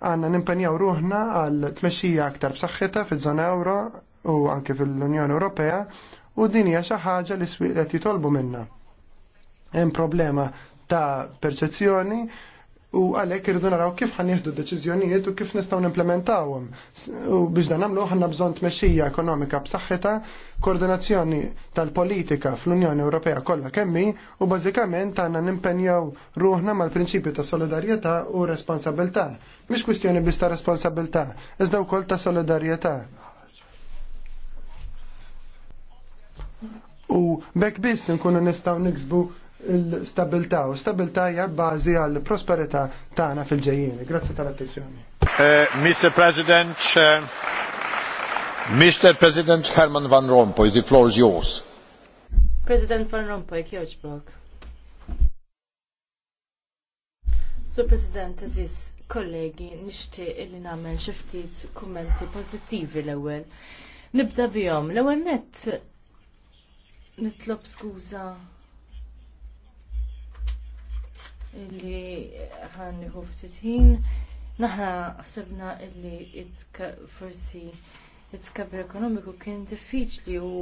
għandna nimpenjaw ruħna għal tmexxija aktar b'saħħitha fiż-żona Ewro u anke fil-Unjoni Ewropea u din hija xi ħaġa li swieq qed jitolbu minnha. Hemm problema ta' perċezzjoni u għalhekk irridu naraw kif ħan deċiżjonijiet u kif nistgħu nimplementawhom. U biex dan nagħmlu ħanna bżonn tmexxija ekonomika b'saħħitha, koordinazzjoni tal-politika fl-Unjoni Ewropea kollha kemmi u bażikament għandna nimpenjaw ruħna mal-prinċipju ta' solidarjetà u responsabilità. Mhix kwistjoni biss ta' responsabilità, iżda wkoll ta' solidarjetà u bekk biss nkunu nistgħu niksbu l stabilta u l-stabilta hija bażi għall prosperità tagħna fil-ġejjieni. Grazzi tal-attenzjoni. Eh, Mr. President, eh, Mr. President Herman Van Rompuy, the floor is yours. President Van Rompuy, kjoġbok. So, President, aziz kollegi, nishti illi namen xiftit kummenti pozitivi l-ewel. Nibda bjom, l-ewel net nitlob skuża illi ħanniħu ftit ħin. Naħna ħsebna illi forsi it-kabir ekonomiku kien diffiċli u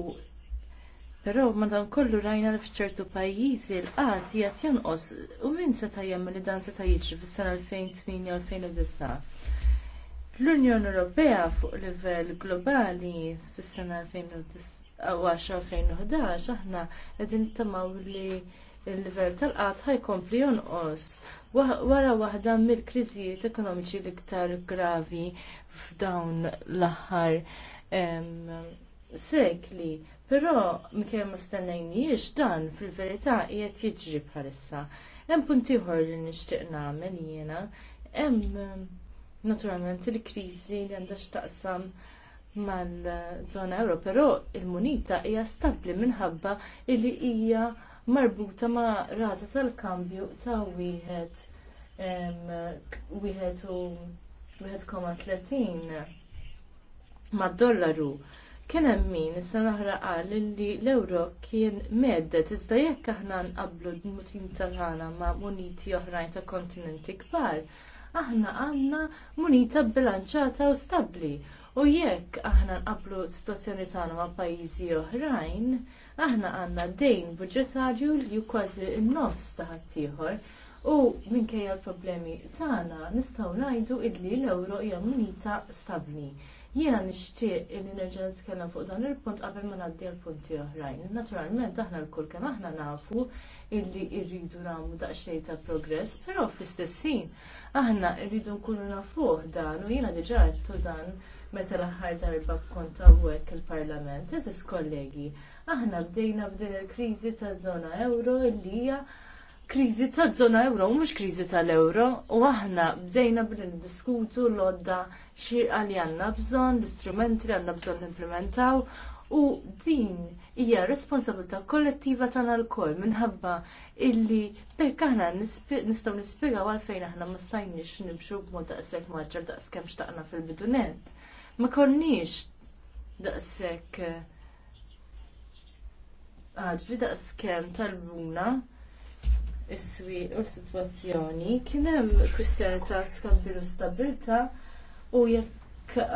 madan kollu rajna li f'ċertu pajjiżi l qad jgħat jonqos u min seta' jagħmel li dan seta' jiġri fis-sena 2008-2009. L-Unjoni Ewropea fuq livell globali fis-sena 2009 2010 aħna qegħdin tamaw li l-livell tal-qatt ħajkompli jonqos. Wara waħda mill-kriżijiet ekonomiċi l-iktar gravi f'dawn l-aħħar sekli. Però minkejn ma stennejniex dan fil-verità qiegħed jiġri bħalissa. Hemm punt ieħor li nixtieq nagħmel jiena. Hemm naturalment il-kriżi li għandha x'taqsam mal-żona euro, però il-munita hija stabbli minħabba li hija marbuta ma' rata tal-kambju ta' wieħed wieħed u wieħed koma tletin mad-dollaru. Kien hemm min issa naħra qal li l-euro kien medet iżda jekk aħna nqabblu d-mutin tal-ħana ma' muniti oħrajn ta' kontinenti kbar, aħna għandna munita bilanċata u stabbli. U jekk aħna nqablu situazzjoni tagħna ma' pajjiżi oħrajn, aħna għandna dejn budġetarju li kważi n-nofs ta' ħaddieħor. U minkejja l-problemi tagħna nistgħu ngħidu illi l-ewro hija munita stabbli. Jiena nixtieq li nerġa' nitkellem fuq dan il-punt qabel ma ngħaddi għal punti oħrajn. Naturalment aħna l-kull kemm aħna nafu illi rridu nagħmlu daqsxejn ta' progress, però fl-istess ħin aħna rridu nkunu nafuh dan u jiena diġà għedtu dan meta l-aħħar darba kont għek il-Parlament. Eżis kollegi, aħna bdejna b'din il-kriżi ta' żona euro li hija kriżi ta' żona euro mux mhux kriżi tal-euro u aħna bdejna b'din diskutu l-odda xirqa li għandna bżonn, l-istrumenti li għandna bżon implementaw u din hija responsabilità kollettiva tagħna lkoll minħabba illi bekk aħna nistgħu nispjegaw għalfejn aħna ma stajniex nimxu b'mod daqshekk maġġar daqskemm xtaqna fil-bidunet ma konniex daqshekk eh, għaġli daqskemm talbuna iswi u s-situazzjoni kien hemm kwistjoni ta' tkabbir u stabilta u jekk eh,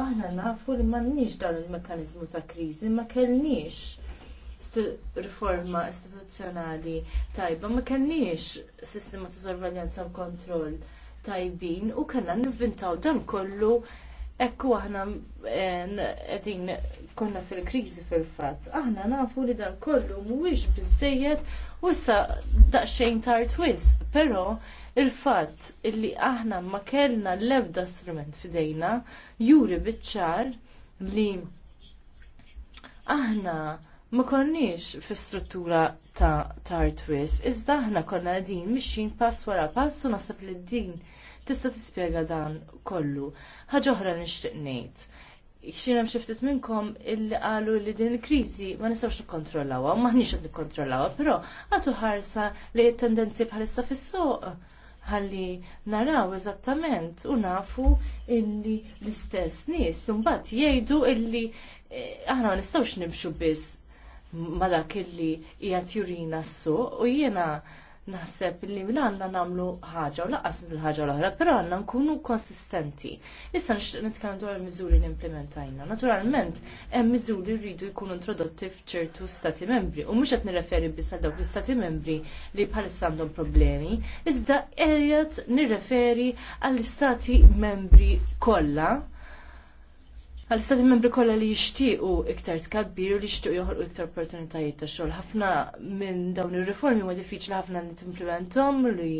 aħna nafu li m'għandniex dan il-mekkaniżmu ta' kriżi ma kellniex riforma istituzzjonali tajba ma kellniex sistema ta' sorveljanza u kontroll tajbin u kellna nivvintaw dan kollu Ekku aħna qegħdin eh, konna fil-kriżi fil-fatt. Aħna nafu li dan kollu mhuwiex biżejjed u issa daqsxejn tar wisq, però il-fatt illi aħna ma kellna l-ebda strument f'idejna juri biċ-ċar li aħna ma konniex fi struttura ta' tartwis, iżda aħna konna qegħdin mixin pass wara pass u nasab li din tista' tispjega dan kollu. Ħaġa oħra nixtieq ngħid xina ftit minnkom illi qalu li din il-krizi ma nistawx nikkontrollawha, ma maħniex qed nikkontrollawha, però għatu ħarsa li t-tendenzi bħalissa fis-suq ħalli naraw eżattament u nafu illi l-istess nies imbagħad jgħidu illi eh, aħna ma nistgħux nimxu biss ma dak illi hija jurina s-suq u jiena naħseb li għandna nagħmlu ħaġa u laqqas il-ħaġa l-oħra, però għandna nkunu konsistenti. Issa nitkellem dwar il-miżuri li implementajna. Naturalment, hemm miżuri rridu jkunu introdotti f'ċertu stati membri u mhux qed nirreferi biss għal dawk l-istati membri li bħalissa għandhom problemi, iżda qiegħed nirreferi għall-istati membri kollha għal stati membri kollha li jixtiequ iktar tkabbir u li jishtiqu joħolqu iktar opportunitajiet ta' xogħol. Ħafna minn dawn ir-riformi huwa diffiċli ħafna li timplementhom li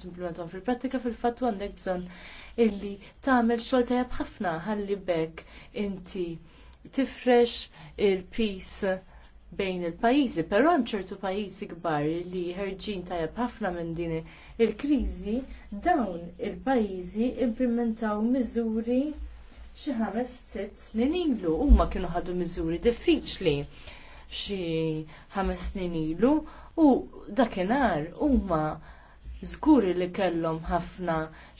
timplementhom fil-prattika fil-fatt għandek bżonn illi tagħmel xogħol tajjeb ħafna ħalli bekk inti tifrex il-peace bejn il-pajjiżi, però hemm ċertu pajjiżi kbar li ħerġin tajjeb ħafna minn din il-kriżi, dawn il-pajjiżi implementaw miżuri xi ħames sitt snin ilu huma kienu ħadu miżuri diffiċli xi ħames snin ilu u dakinhar huma żguri li kellhom ħafna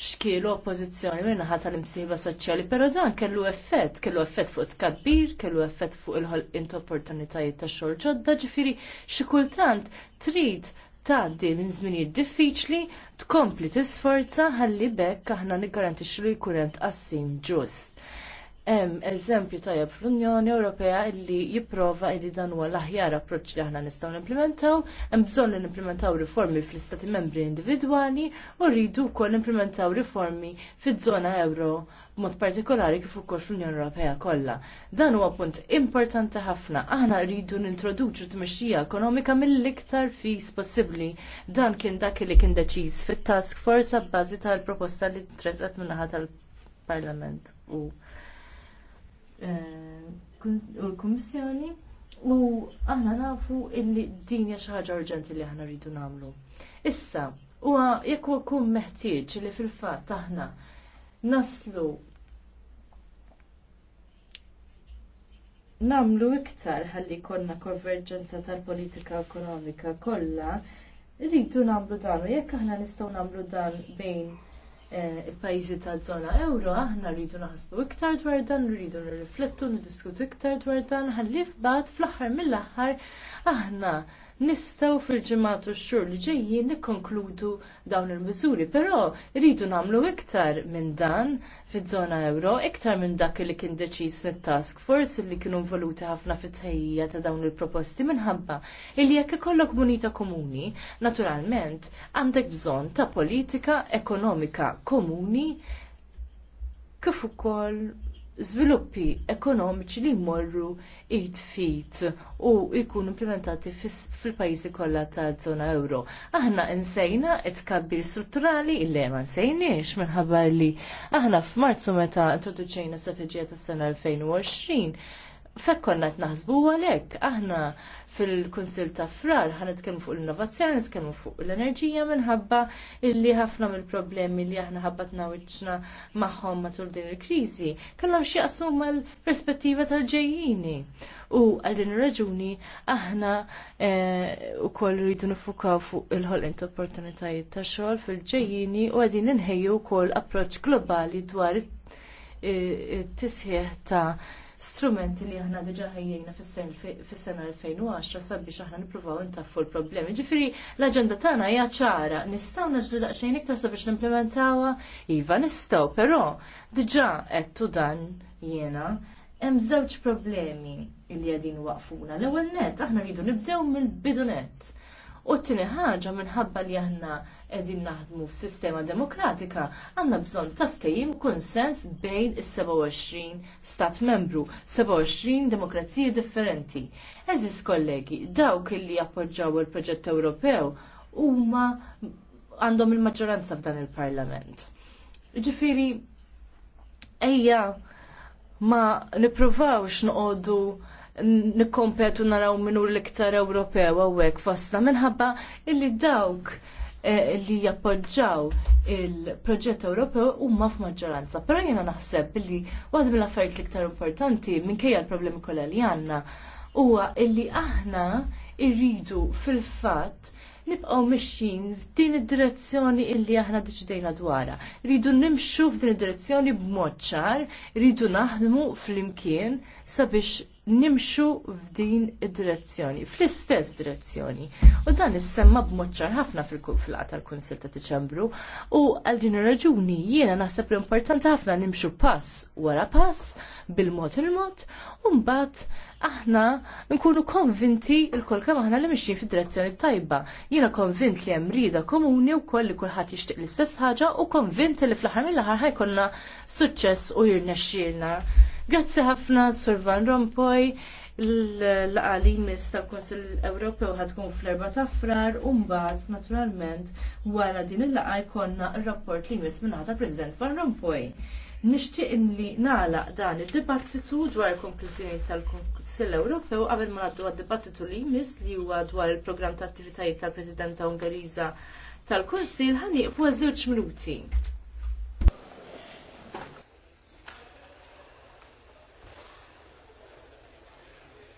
xkielu oppożizzjoni minn naħa tal-imsiba soċjali, però dan kellu effett, kellu effett fuq tkabbir, kellu effett fuq il-ħolqien opportunitajiet ta' xogħol ġodda, ġifieri xi kultant trid tgħaddi minn żminijiet diffiċli tkompli tisforza ħalli bekk aħna niggarantixxu li jkun hemm tqassim ġust. Hemm eżempju tajjeb fl-Unjoni Ewropea illi jipprova illi dan huwa l-aħjar approċċ li aħna nistgħu nimplementaw, hemm bżonn li nimplementaw riformi fl-istati membri individwali u rridu wkoll nimplementaw riformi fiż-żona euro mod partikolari kif ukoll fl-Unjoni Ewropea kollha. Dan huwa punt importanti ħafna. Aħna rridu nintroduċu tmexxija ekonomika mill-iktar fis possibbli. Dan kien dak li kien deċiż fit-task force abbażi tal-proposta li tresqet min-naħa tal-Parlament u Eh, u l-Kummissjoni u aħna nafu illi din hija xi ħaġa urġenti li aħna rridu nagħmlu. Issa, huwa jekk ikun meħtieġ li fil-fatt aħna naslu namlu iktar ħalli konna konverġenza tal-politika ekonomika kollha, rridu namlu dan u jekk aħna nistgħu namlu dan bejn Eh, il-pajjiżi tal-żona euro, aħna rridu naħsbu iktar dwar dan, rridu nirriflettu, niddiskutu iktar dwar dan, ħalli f'bad fl-aħħar mill-aħħar aħna nistgħu fil-ġimgħat x-xhur li ġejjin nikkonkludu dawn il-miżuri, però rridu nagħmlu iktar minn dan fiż-żona euro, iktar minn dak li kien deċiż mit-task force li kienu involuti ħafna fit-tejja ta' dawn il-proposti minħabba li jekk ikollok munita komuni, naturalment għandek bżonn ta' politika ekonomika komuni kif ukoll żviluppi ekonomiċi li jmorru id fit u jkunu implementati fil-pajjiżi kollha taż-żona euro. Aħna insejna t tkabbir strutturali illi ma nsejniex minħabba li aħna f'Marzu meta introduċejna strateġija tas-sena 2020 Fek konna naħsbu għalek, aħna fil konsil ta' Frar ħanitkellmu fuq l-innovazzjoni, nitkellmu fuq l-enerġija minħabba illi ħafna mill-problemi li aħna ħabbatna wiċċna magħhom matul din il-kriżi kellhom xie għasum mal-perspettiva tal-ġejjini. U għal din ir-raġuni aħna wkoll eh, rridu nifukaw fuq il ħol int opportunitajiet ta' xogħol fil-ġejjini u għadin inħejju wkoll approċċ globali dwar it-tisħieħ ta' strumenti li aħna diġa ħajjina fis-sena 2010 sabiex aħna nippruvaw intaffu l-problemi. Ġifieri l-aġenda tagħna hija ċara, nistgħu naġdu daqsxejn iktar sabiex nimplementawha? Iva nistgħu, però diġa qed dan jiena hemm żewġ problemi li qegħdin waqfuna. L-ewwel net aħna rridu nibdew mill-bidu net. U t tini ħaġa minħabba li aħna qegħdin naħdmu f'sistema demokratika għandna bżonn taftajim konsens bejn is-27 stat membru, 27 demokrazija differenti. Eżis kollegi, dawk li appoġġaw il-proġett Ewropew huma għandhom il-maġġoranza f'dan il-Parlament. Ġifiri, ejja, ma niprofawx noqogħdu nikkompetu naraw minnu l-iktar Ewropew għawek fosna minħabba illi dawk Eh, li jappoġġaw il-proġett Ewropew huma f'maġġoranza. Però jiena naħseb li waħda mill-affarijiet l-iktar importanti minkejja l-problemi kollha li għandna huwa li aħna irridu fil-fatt nibqgħu mixin f'din id-direzzjoni illi aħna deċidejna dwarha. Rridu nimxu f'din id-direzzjoni b'mod ċar, rridu naħdmu fl-imkien sabiex nimxu f'din id-direzzjoni, fl-istess direzzjoni. U dan issemma b'moċċar ħafna fil-kufla tal-Kunsil ta' Diċembru u għal din raġuni jiena naħseb li importanti ħafna nimxu pass wara pass bil-mod il-mod u mbagħad aħna nkunu konvinti il-kol kemm aħna li mxin fid-direzzjoni tajba. Jiena konvint li hemm rida komuni wkoll li kulħadd jixtieq l-istess ħaġa u konvint li fl-aħħar mill-aħħar ħajkollna suċċess u jirnexxielna Grazzi ħafna Sur Van Rompuy l-għalimis tal-Konsil Ewropew tkun fl-4 ta' frar u mbagħad naturalment wara din il-laqgħa jkollna r-rapport li jmiss minn ta' President Van Rompuy. Nixtieq li nagħlaq dan id-dibattitu dwar il konklużjoni tal-Kunsill Ewropew qabel ma ngħaddu għad-dibattitu li jmiss li huwa dwar il-programm ta' attivitajiet tal-Presidenta Ungeriża tal-Kunsill ħanieqfu fuq żewġ minuti.